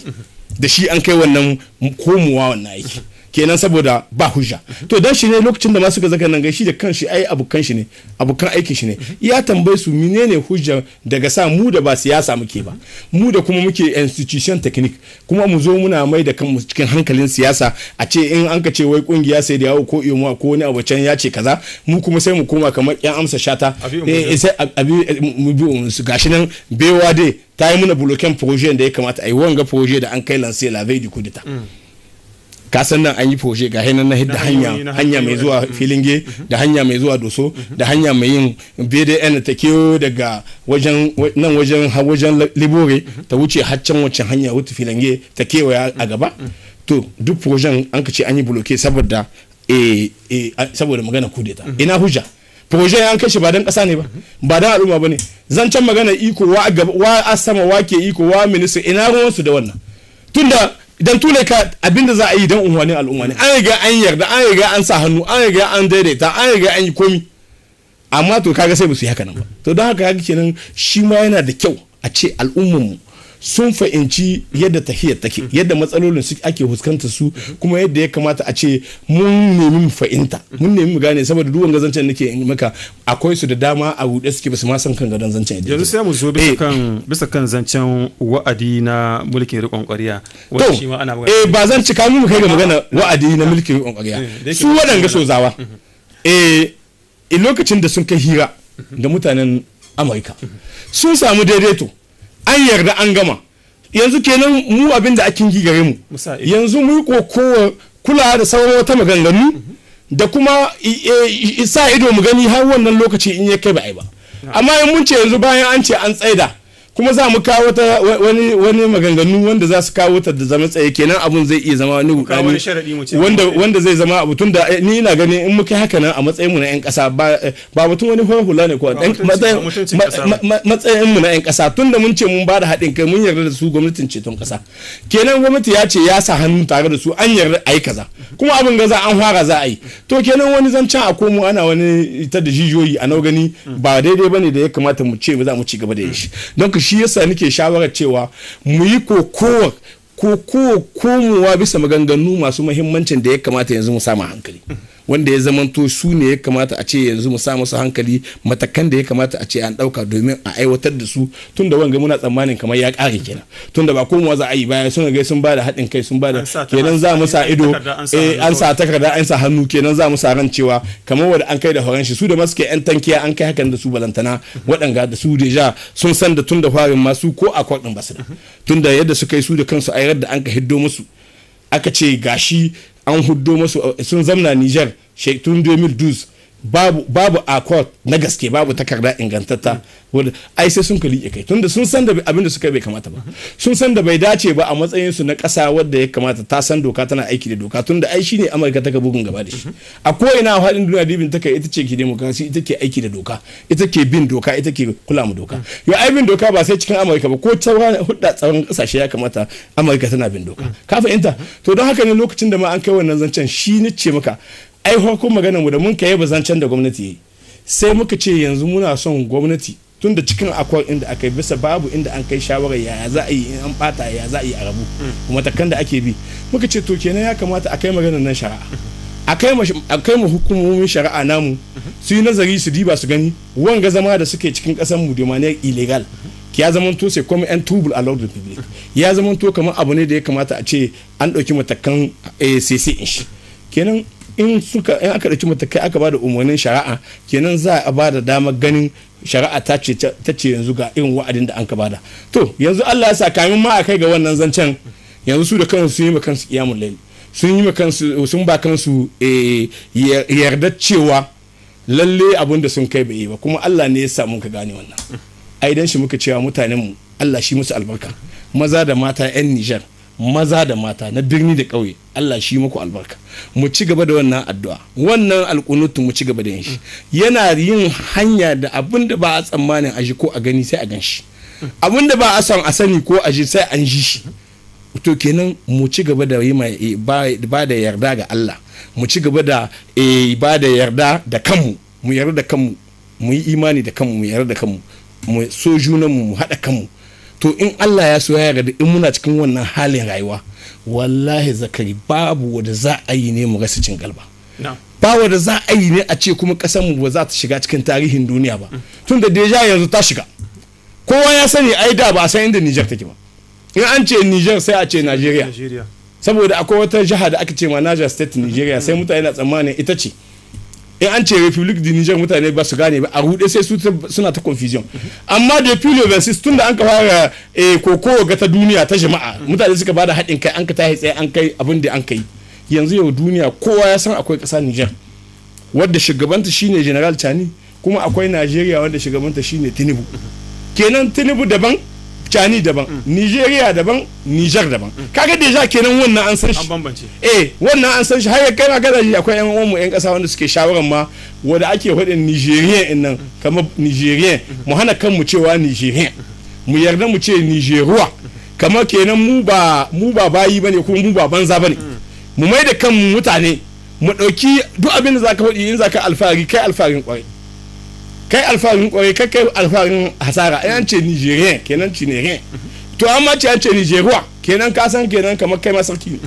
da shi an kai wannan komowa wannan aiki kenan saboda ba hujja to dan shi ne lokacin da masu suka zaka nan shi da kanshi ai abukan shi ne abukan aikin shi ne ya tambaye su menene hujja daga sa mu da ba siyasa muke ba mu da kuma muke institution technique kuma mu zo muna mai da kanmu cikin hankalin siyasa a ce in an ka ce wai kungiya sai da yawo ko iyomuwa ko wani abu can ya ce kaza mu kuma sai mu koma kamar yan amsa shata eh, sai abi su gashi nan bewa dai ta yi muna buloken projet da ya kamata a yi wanga projet da an kai lanse la veille du coup ka san nan an yi foshe ga hainan na hidda hanya hanya mai zuwa filinge mhm. da hanya mai zuwa doso mhm. da hanya mai yin bdn ta kewo daga wajen nan wajen wajen libore mhm. ta wuce haccan waccan hanya wuta filinge ta kewaya a gaba to duk projen an ka ce an yi bloke saboda eh, eh, saboda magana kudeta ina hujja proje an kashe ba dan kasa ne ba ba dan al'umma ba zan zancen magana iko wa wa sama wa ke iko wa minista ina ruwansu su da wannan tunda idan tule ka abinda za a yi dan unwani al'umma ne an ga an yarda an ga an sa hannu an ga an daidaita an ga an yi komi amma to kaga sai ba su yi haka nan ba to don haka kaga kenan shi ma yana da kyau a ce al'umman mu sun fahimci yadda tahiyar take mm-hmm. yadda matsalolin su ake fuskanta su kuma yadda ya kamata a ce mun nemi mu fahimta mm-hmm. mun nemi mu gane saboda duk wanga zancen nake maka akwai su da dama a buɗe suke su ma san kan gadon zancen yanzu sai mu zo bisa eh. kan bisa kan zancen wa'adi na mulkin riƙon ƙwariya to eh ba zan cika mu kai ga magana wa'adi na mulkin riƙon ƙwariya eh, su waɗanga sozawa mm-hmm. eh lokacin da sun kai hira da mutanen amurka sun samu daidaito an yarda an gama yanzu kenan mu abin da akin gigare mu yanzu mu kokowa kula da sauran wata maganganu mhm. da kuma isa ido mu gani har wannan lokaci in ya kai ba ai ba amma in mun ce yanzu bayan an ce an tsaida kuma za mu kawo ta wani wani maganganu wanda za su kawo ta da zama tsaye kenan abun zai iya zama wani gukani wanda wanda zai zama abu tunda eh, ni ina gani in muka haka nan a matsayin mu na yan kasa eh, ba mutum wani hula hula ne ko matsayin mu na yan kasa tunda mun ce mun ba da haɗin kai mun yarda da su gwamnatin ceton kasa kenan gwamnati ya ce ya sa hannu tare da su an yarda a yi kaza kuma abin gaza an fara za a yi to kenan wani zancen a komo ana wani ta da jijiyoyi a nau gani ba daidai bane da ya kamata mu ce ba za mu ci gaba da yin shi don ka shi yasa nake shawarar cewa mu yi kokowa ko komowa bisa maganganu masu muhimmancin da ya kamata yanzu mu samu hankali wanda ya zamanto su ne ya kamata a ce yanzu mu sa musu hankali matakan da ya kamata a ce an ɗauka domin a aiwatar da su tun da wanga muna tsammanin kamar ya ƙare kenan tun da ba komawa za a yi baya sun ga sun ba da haɗin kai sun ba kenan za mu sa ido an sa eh, takarda an sa hannu kenan za mu sa ran cewa kamar wanda an kai da horon shi su da ke yan tankiya an kai hakan da su balantana waɗanga da su deja sun san da tun da farin ma ko a kwaɗin ba su da tun da yadda su kai su da kansu a da an ka hiddo musu aka ce gashi an huddo masu sun zamna niger tun 2012 babu babu accord na gaske babu takarda ingantatta wanda ai sai sun kali kai tunda sun san da abin da suka bai kamata ba sun san da bai dace ba a matsayin su na kasa wanda ya kamata ta san doka tana aiki da doka tunda ai shine amurka ta bugun gaba da shi a ko ina hadin duniya dibin ta ita ce ke demokrasi ita ke aiki da doka ita ke bin doka ita ke kula mu doka yo ai bin doka ba sai cikin amurka ba ko tsawon hudda tsawon kasashe ya kamata amurka tana bin doka ka fahimta to don haka ne lokacin da ma an kai wannan zancen shi ne ce maka ai hukun magana mu da mun kai bazancen da gwamnati yayi sai muka ce yanzu muna son gwamnati tunda da cikin akwai inda aka bisa babu inda an kai shawarar ya za a yi in an bata ya za a yi a rabu kuma takan da ake bi muka ce to kenan ya kamata a kai maganar nan shari'a a kai mu hukumomin shari'a namu su yi nazari su diba su gani wanga zama da suke cikin kasan mu domane illegal ya zama to sai kuma yan tubul a lord republic ya zama to kamar abu ne da ya kamata a ce an ɗauki matakan acc eh, in shi kenan in suka in aka dauki matakai aka ba da umarnin shari'a kenan za a ba da damar ganin shari'a ta ce yanzu ga irin wa'adin da an ka bada to yanzu Allah ya sa kamin ma a kai ga wannan zancen yanzu su da kansu sun yi ma kansu kiyamul layl sun yi ma kansu sun ba kansu eh, yarda cewa lalle abin da sun kai bai yi ba kuma Allah ne ya sa mun ka gane wannan ai dan shi muka cewa mutanen mu Allah shi musu albarka maza da mata yan Nijar. maza da mata na birni da ƙauye Allah shi muku albarka mu ci gaba da wannan addu'a wannan alƙunutu mu ci gaba da yin shi yana yin hanya da abin da ba a tsammanin a ko a gani sai a gan shi abin da ba a son a sani ko a ji sai an ji shi to kenan mu ci gaba da eh, ba da yarda ga Allah mu ci gaba da eh, ba da yarda da kanmu mu yarda da kanmu mu yi imani da kanmu mu yarda da kanmu mu so mu haɗa kanmu to in Allah ya so ya yarda in muna cikin wannan halin rayuwa wallahi zakari babu wanda za a yi ne mu rasa cin galba ba wanda za a yi ne a ce kuma kasar mu ba za ta shiga cikin tarihin duniya ba tun da deja yanzu ta shiga kowa ya sani ai da ba a san inda Niger take ba in an ce Niger sai a ce Nigeria saboda akwai wata jiha da ake ce ma Niger State Nigeria sai mutane na tsammanin ita ce in eh, an ce republic di niger mutane ba su gane ba a rude sai suna ta confusion amma da pilo versus tunda an ka fara eh, koko ga ta duniya ta jama'a mutane suka bada haɗin kai an ka tahi tsaye an kai abin da an kai yanzu yau duniya kowa ya san akwai ƙasa niger wadda shugabanta shine general chani kuma akwai najeriya wadda shugabanta shine tinubu kenan tinubu daban cani daban mm. nigeria daban niger daban mm. kaga deja kenan wannan an san shi eh wannan an san shi har kai ma gaza shi akwai yan uwan mu yan kasa wanda suke shawaran ma wanda ake hudin nigerian din nan mm. kamar Nigeria mu hana mu cewa nigerian mu yarda mu ce Nigeria kamar kenan mu ba mu ba bayi bane ko mu ba banza bane mu mai da kan mutane mu dauki duk abin da zaka faɗi in zaka alfahari kai alfaharin kwarai kai alfarin kwarai eh, kai kai alfarin eh, hasara eh, an ce nigerian kenan cinerian to amma mace an ce nigeria kenan ka san kenan kamar kai ma sarki ne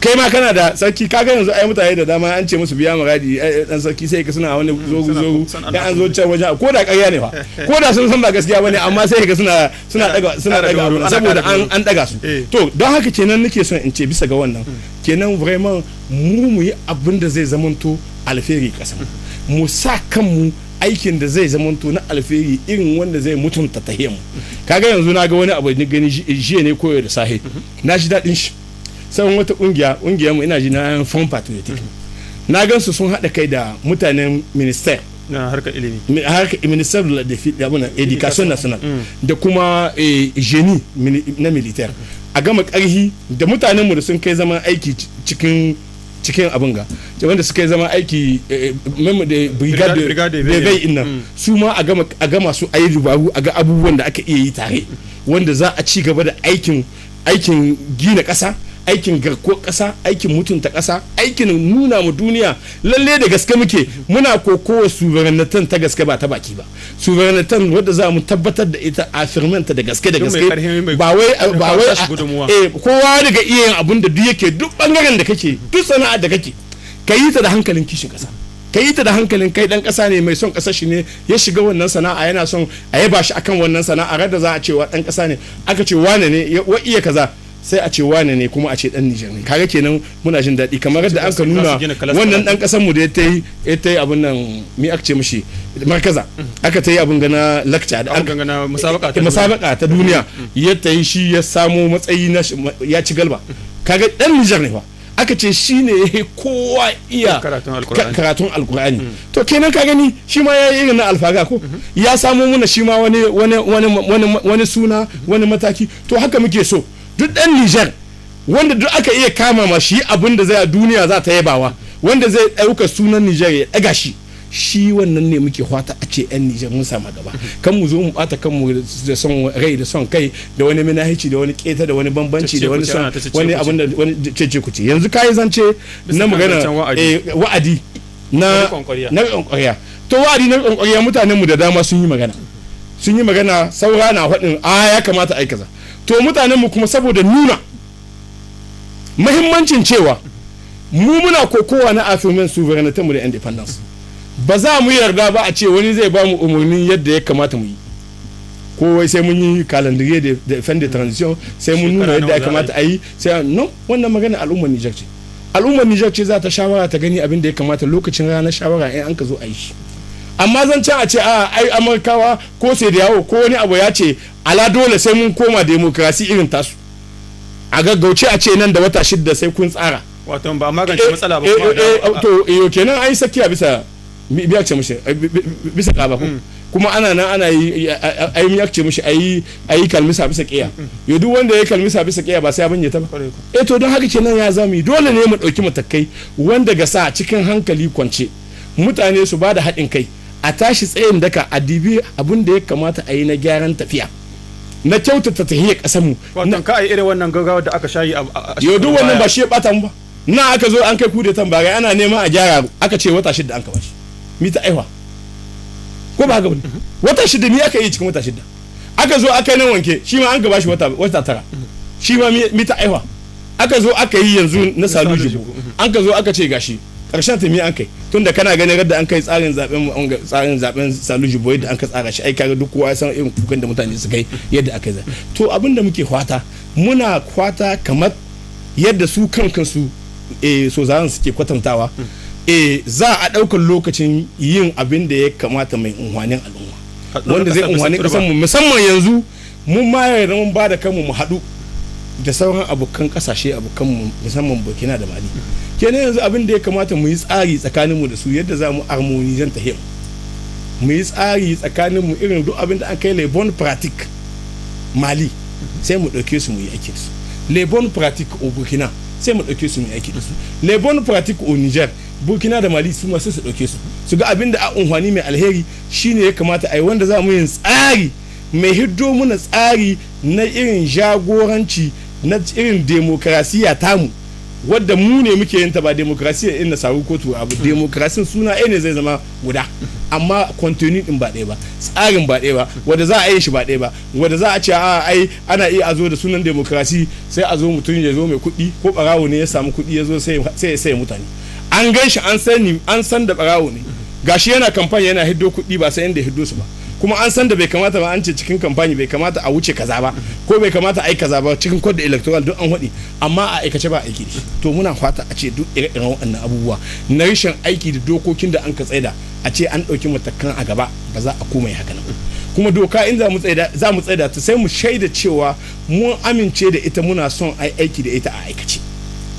kai ma kana da sarki kaga yanzu ai mutane da dama an ce musu biya muradi dan sarki sai ka suna wani mm, zogu zogu dan an zo can wajen ko da ƙarya ne fa ko da sun san ba gaskiya bane amma sai ka suna suna daga suna daga saboda an an daga su to don haka kenan nake son in ce bisa ga wannan mm. kenan vraiment mu mu yi abin da zai zamanto alferi kasan mu sa kanmu aikin da zai zamanto na alferi irin wanda zai mutunta ta mu kaga yanzu na ga wani abu ni gani jiya ne koyo da sahi na shi daɗin shi sai wata ƙungiya kungiyar mu ina ji na fan patriotic na gan su sun haɗa kai da mutanen minister na harkar ilimi harkar minister da education national mm. da kuma jeni eh, na militaire a gama karhi da mutanen mu da sun kai zaman aiki cikin cikin abin ga wanda suka yi zama aiki eh, eh, memu da brigade da bai inna su ma a gama su a yi a ga abubuwan da aka iya yi tare wanda za a ci gaba da aikin aikin gina ƙasa aikin garko ƙasa aikin mutunta ƙasa aikin nuna mu duniya lalle da gaske muke muna kokowa suverenatan ta gaske ba ta baki ba suverenatan wadda za mu tabbatar da ita a afirmanta da gaske da gaske ba wai ba wai eh kowa daga iya yin abin da duk yake duk bangaren da kake duk sana'ar da kake ka yi ta da hankalin kishin ƙasa ka yi ta da hankalin kai dan kasa ne mai son kasa shi ne ya shiga wannan sana'a yana son a yaba shi akan wannan sana'a da za a ce wa dan kasa ne aka ce wane ne wa iya kaza sai a ce wane ne kuma a ce dan Nijar ne kaga kenan muna jin daɗi kamar yadda an ka nuna wannan dan kasan mu da ya tai ya tai abin nan mi aka ce mishi markaza aka tai abin gana lakca da aka gana musabaka ta duniya ya tai shi ya samu matsayi na ya ci galba kaga dan Nijar ne fa aka ce shi ne kowa iya karatun alkur'ani mm. to kenan ka gani shi ma ya yi irin na alfaga ko mm-hmm. ya samo muna shi ma wani suna mm-hmm. wani mataki to haka muke so duk ɗan nijar wanda duk aka iya kama ma shi abin da zai duniya za ta yabawa wanda zai ɗauka sunan nijar ya ɗaga shi shi wannan ne muke fata a ce 'yan nijar mun sama gaba kan mu zo mu bata kanmu da son rai da son kai da wani minahici da wani keta da wani bambanci da wani son wani abin da wani cece kuce yanzu kai zance na magana eh, wa'adi na na kwankwariya to wa'adi na kwankwariya mutanen mu da dama sun yi magana sun yi magana saura na faɗin a ya kamata ai kaza to mutanenmu kuma saboda nuna mahimmancin cewa mu muna kokowa na afirman sovereignty mu da independence ba za mu yarda ba a ce wani zai ba mu umarnin yadda ya kamata mu yi kowai sai mun yi calendrier da fin de transition sai mun nuna yadda ya kamata a yi sai no wannan magana al'ummar Nijar ce al'ummar Nijar ce za ta shawara ta gani abin da ya kamata lokacin ranar shawara in an ka zo a yi shi amma zan can a ce a ai amurkawa ko sai da yawo ko wani abu ya ce ala dole sai mun koma demokrasi irin tasu a gaggauce a ce nan da wata shidda sai kun tsara wato ba magance eh, matsala ba eh, kuma eh, to eh kenan ai sakiya bisa biya ce mushi bisa kaba mm. kuma ana nan ana yi ai miyak ce mushi ai ai kalmisa bisa kiya mm, mm. yo duk wanda ya kalmisa bisa kiya ba sai abin ya ta ba eh to don haka kenan ya zami dole ne mu dauki matakai wanda ga sa cikin hankali kwance mutane su ba da haɗin kai a tashi tsayin daka a dibi abin da ya kamata a yi na gyaran tafiya na kyautata tahiyar ƙasar mu wannan ka irin wannan gaggawa da aka shayi a yo duk wannan ba shi ya bata mu ba na aka zo an kai kudetan ba ana neman a gyara aka ce wata shida an ka bashi mita aiwa ko ba wani. Mhm. wata shida mi aka yi cikin wata shida aka zo aka yi nan wanke shi ma an gaba shi wata tara mhm. shi ma mita aiwa aka zo aka yi yanzu na salu jibo mhm. an ka zo aka ce gashi karshen ta me an kai tunda kana ganin yadda an kai tsarin zaben tsarin zaben Saluji Boy da an ka tsara shi ai kaga duk kowa ya san irin kukan da mutane su kai yadda aka yi to abin da muke kwata muna kwata kamar yadda su kan kansu eh so su ke kwatantawa eh za a daukar lokacin yin abin da ya kamata mai unhwanin al'umma wanda zai unhwanin kasan mu musamman yanzu mun ma yarda mun ba da kanmu mu hadu da sauran abokan kasashe abokan mu musamman Burkina da Mali kenan yanzu abin da ya kamata mu yi tsari tsakaninmu da su yadda za mu ta him mu yi tsari tsakaninmu irin duk abin da an kai lebon pratik mali sai mu ɗauke su mu yi aiki da su lebon pratik o burkina sai mu ɗauke su mu yi aiki da su lebon pratik o niger burkina da mali su ma sai su ɗauke su su ga abin da a unhwani mai alheri shine ya kamata a yi wanda za mu yi tsari mai hiddo muna tsari na irin jagoranci na irin demokarasiya tamu wadda mu ne muke yin ta ba demokrasiya in na samu kotu abu hmm. demokrasin suna ai ne zai zama guda amma kontinu din ba ɗaya ba tsarin ba ɗaya ba wadda za a yi shi ba ɗaya ba wadda za a ce a ai ana iya a zo da sunan demokrasi sai a zo mutum ya zo mai kuɗi ko ɓarawo ne ya samu kuɗi ya zo sai ya sai mutane an gan shi an san da ɓarawo ne gashi yana kamfani yana hiddo kuɗi ba sai inda ya hiddo su ba kuma an san da bai kamata ba an ce cikin kamfani bai kamata a wuce kaza ba ko bai kamata a yi kaza ba cikin code electoral duk an haɗi amma a aikace ba aiki to muna fata a ce duk ire waɗannan abubuwa na rashin aiki da dokokin da an ka tsaida a ce an ɗauki matakan a gaba ba za a komai haka nan kuma doka in za mu tsaida ta sai mu shaida cewa mun amince da ita muna son a aiki da ita a aikace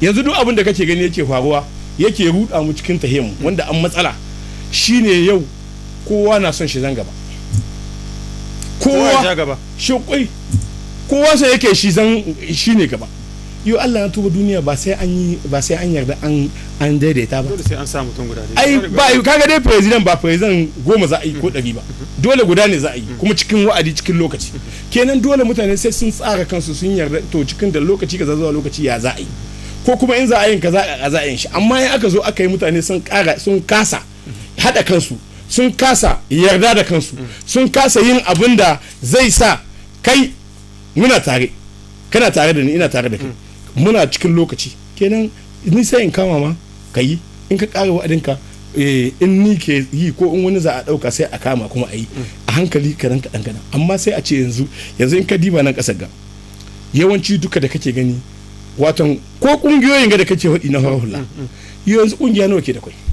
yanzu duk abin da kake gani yake faruwa yake ruɗa mu cikin tahimu wanda an matsala shine yau kowa na son shi zan gaba kowa kowa sai yake shi zan shi ne gaba yo Allah na tuba duniya ba sai an yi ba sai an yarda an an daidaita ba dole sai an sa mutum guda ne ai ba kaga dai president ba president goma za a yi ko mm-hmm. ɗari ba dole guda ne za a yi mm-hmm. kuma cikin wa'adi cikin lokaci mm-hmm. kenan dole mutane sai sun tsara kansu sun yarda to cikin da lokaci ka zuwa lokaci ya za a yi ko kuma in za a yin kaza a za a yin shi amma in aka zo aka yi mutane sun kara sun kasa haɗa kansu sun kasa yarda da kansu sun kasa yin abin da zai sa kai muna tare kana tare da ni ina tare da kai muna cikin lokaci kenan ni sai in kama ma ka yi in ka ƙara wa'adinka eh, in ni ke yi ko in wani za a ɗauka sai a kama kuma a yi a hankali karan kaɗan kaɗan amma sai a ce yanzu yanzu in ka diba nan ƙasar ga yawanci duka da kake gani watan ko ƙungiyoyin ga da kake faɗi na hula yanzu ƙungiya nawa ke da kwai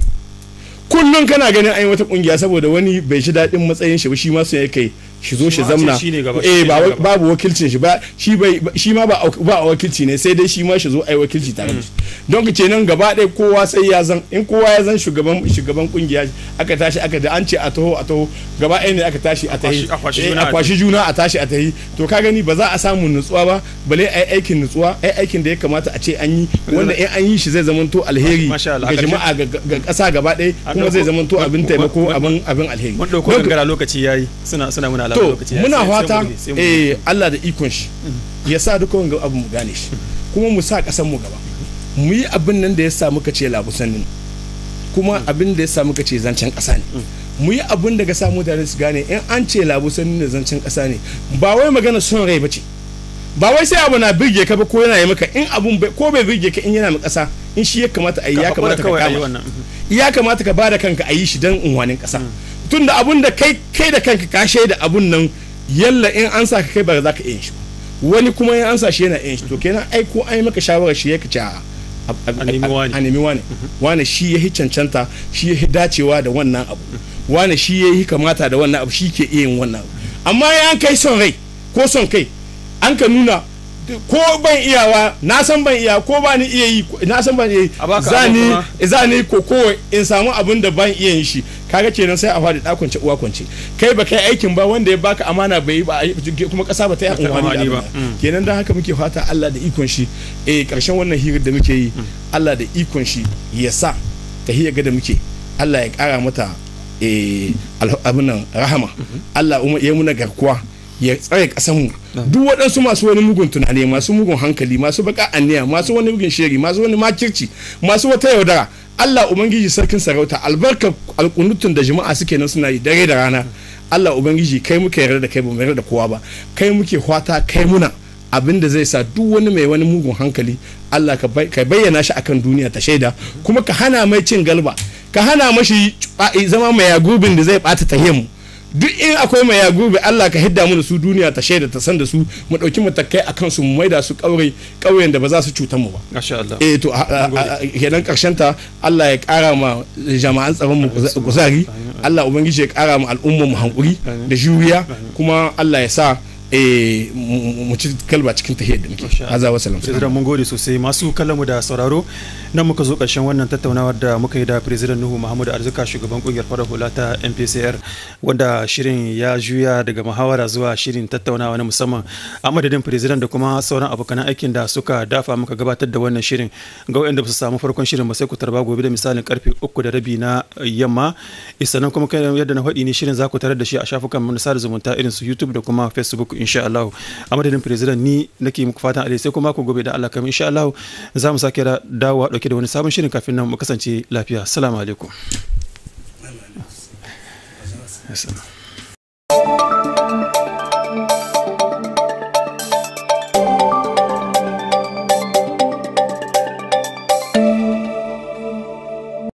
kullum kana ganin an yi wata kungiya saboda wani bai shi daɗin matsayin shi ba shi ma sun ya kai shi zo shi zamna eh babu wakilcin shi ba shi ma ba a wakilci ne sai dai shi ma shi zo ai wakilci tare da shi don ka ce nan gaba ɗaya kowa sai ya zan in kowa ya zan shugaban shugaban kungiya aka tashi aka da an ce a taho a taho gaba ɗaya ne aka tashi a tahi a kwashi eh, juna a tashi a tahi to ka gani ba za a samu nutsuwa ba bale ai aikin nutsuwa ai aikin da ya kamata a ce an yi wanda in an yi shi zai to alheri ga jama'a ga ƙasa gaba ɗaya kuma zai to abin taimako abin abin alheri mun dauko gangara lokaci yayi suna suna muna alama lokaci yayi muna fata eh Allah da ikon shi mm-hmm. ya sa dukkan abu mu gane shi kuma mu sa ƙasar mu gaba mu yi abin nan da ya samu ka ce labusan ne kuma mm. abin da ya samu ka ce zancen ƙasa ne mm. mu yi abin ga samu da su gane in an ce labusan ne zancen ƙasa ne ba wai magana son rai ba ce ba wai sai abu na birge ka ba ko yana yi maka in abun ko bai birge ka in yana ma kasa in shi ya kamata a yi ya kamata ka kama mm-hmm. ya kamata ka bada kanka a yi shi dan unwanin kasa mm. tun da abun da kai kai da kanka ka shaida abun nan yalla in an sa ka kai ba za ka yin shi wani kuma in an sa shi yana yin shi to kenan ai ko an yi maka shawara shi ya ka ci a'a a nemi wane wane shi ya hi cancanta shi ya hi dacewa da wannan abu wane shi ya hi kamata da wannan abu shi ke iya yin wannan abu amma ya an kai son rai ko son kai an ka nuna ko ban iyawa na san ban iya ko ba ni iya yi na san ban iya yi zani zani ko kowai in samu abin da ban iya yin shi kaga kenan sai a fadi dakunce uwa kwance kai ba kai aikin ba wanda ya baka amana bai ba kuma kasa ba ta yi amfani ba mm. kenan dan haka muke fata Allah da ikon shi eh karshen wannan hirar da muke yi mm. Allah da ikon shi ya sa ta hiya ga da muke Allah ya kara mata eh abinan rahama mm-hmm. Allah ya muna garkuwa ya tsare mu. Mm. duk waɗansu masu wani mugun tunani masu mugun hankali masu baka anniya masu wani mugun shiri masu wani makirci masu wata yaudara Allah ubangiji sarkin sarauta albarkar alkunutun da jama'a suke nan suna yi dare da rana Allah ubangiji kai muke yarda da kai ba mu yarda da kowa ba kai muke hwata kai muna abin da zai sa duk wani mai wani mugun hankali Allah ka bayyana shi akan duniya ta shaida kuma ka hana mai cin galba ka hana mashi zama mai yagubin da zai bata ta mu duk in akwai mai ya gobe Allah ka hidda mana su duniya ta shaida ta san da su mu dauki matakai a kansu mu da su kaure kauyen da ba za su cutar mu ba masha Allah eh to kenan karshen ta Allah ya kara ma jama'an tsaron mu kuzari Allah ubangiji ya kara ma al'ummar mu hankuri da juriya kuma Allah ya sa e mu ci kalba cikin hiyar da muke azza wa salam president mun gode sosai masu kallamu da sauraro nan muka zo karshen wannan tattaunawar da muka yi da president Nuhu Muhammadu Arzuka shugaban kungiyar farar hula ta MPCR wanda shirin ya juya daga muhawara zuwa shirin tattaunawa na musamman a madadin president da kuma sauran abokan aikin da suka dafa muka gabatar da wannan shirin ga wanda ba su samu farkon shirin ba sai ku tarba gobe da misalin karfe uku da rabi na yamma isanan kuma yadda na faɗi ne shirin za ku tarar da shi a shafukan mu na sada zumunta irin su YouTube da kuma Facebook insha Allah a madadin president ni nake muku fatan alheri sai kuma ku gobe da Allah kamar insha Allah za mu sake dawowa dauke da wani sabon shirin kafin nan mu kasance lafiya assalamu alaikum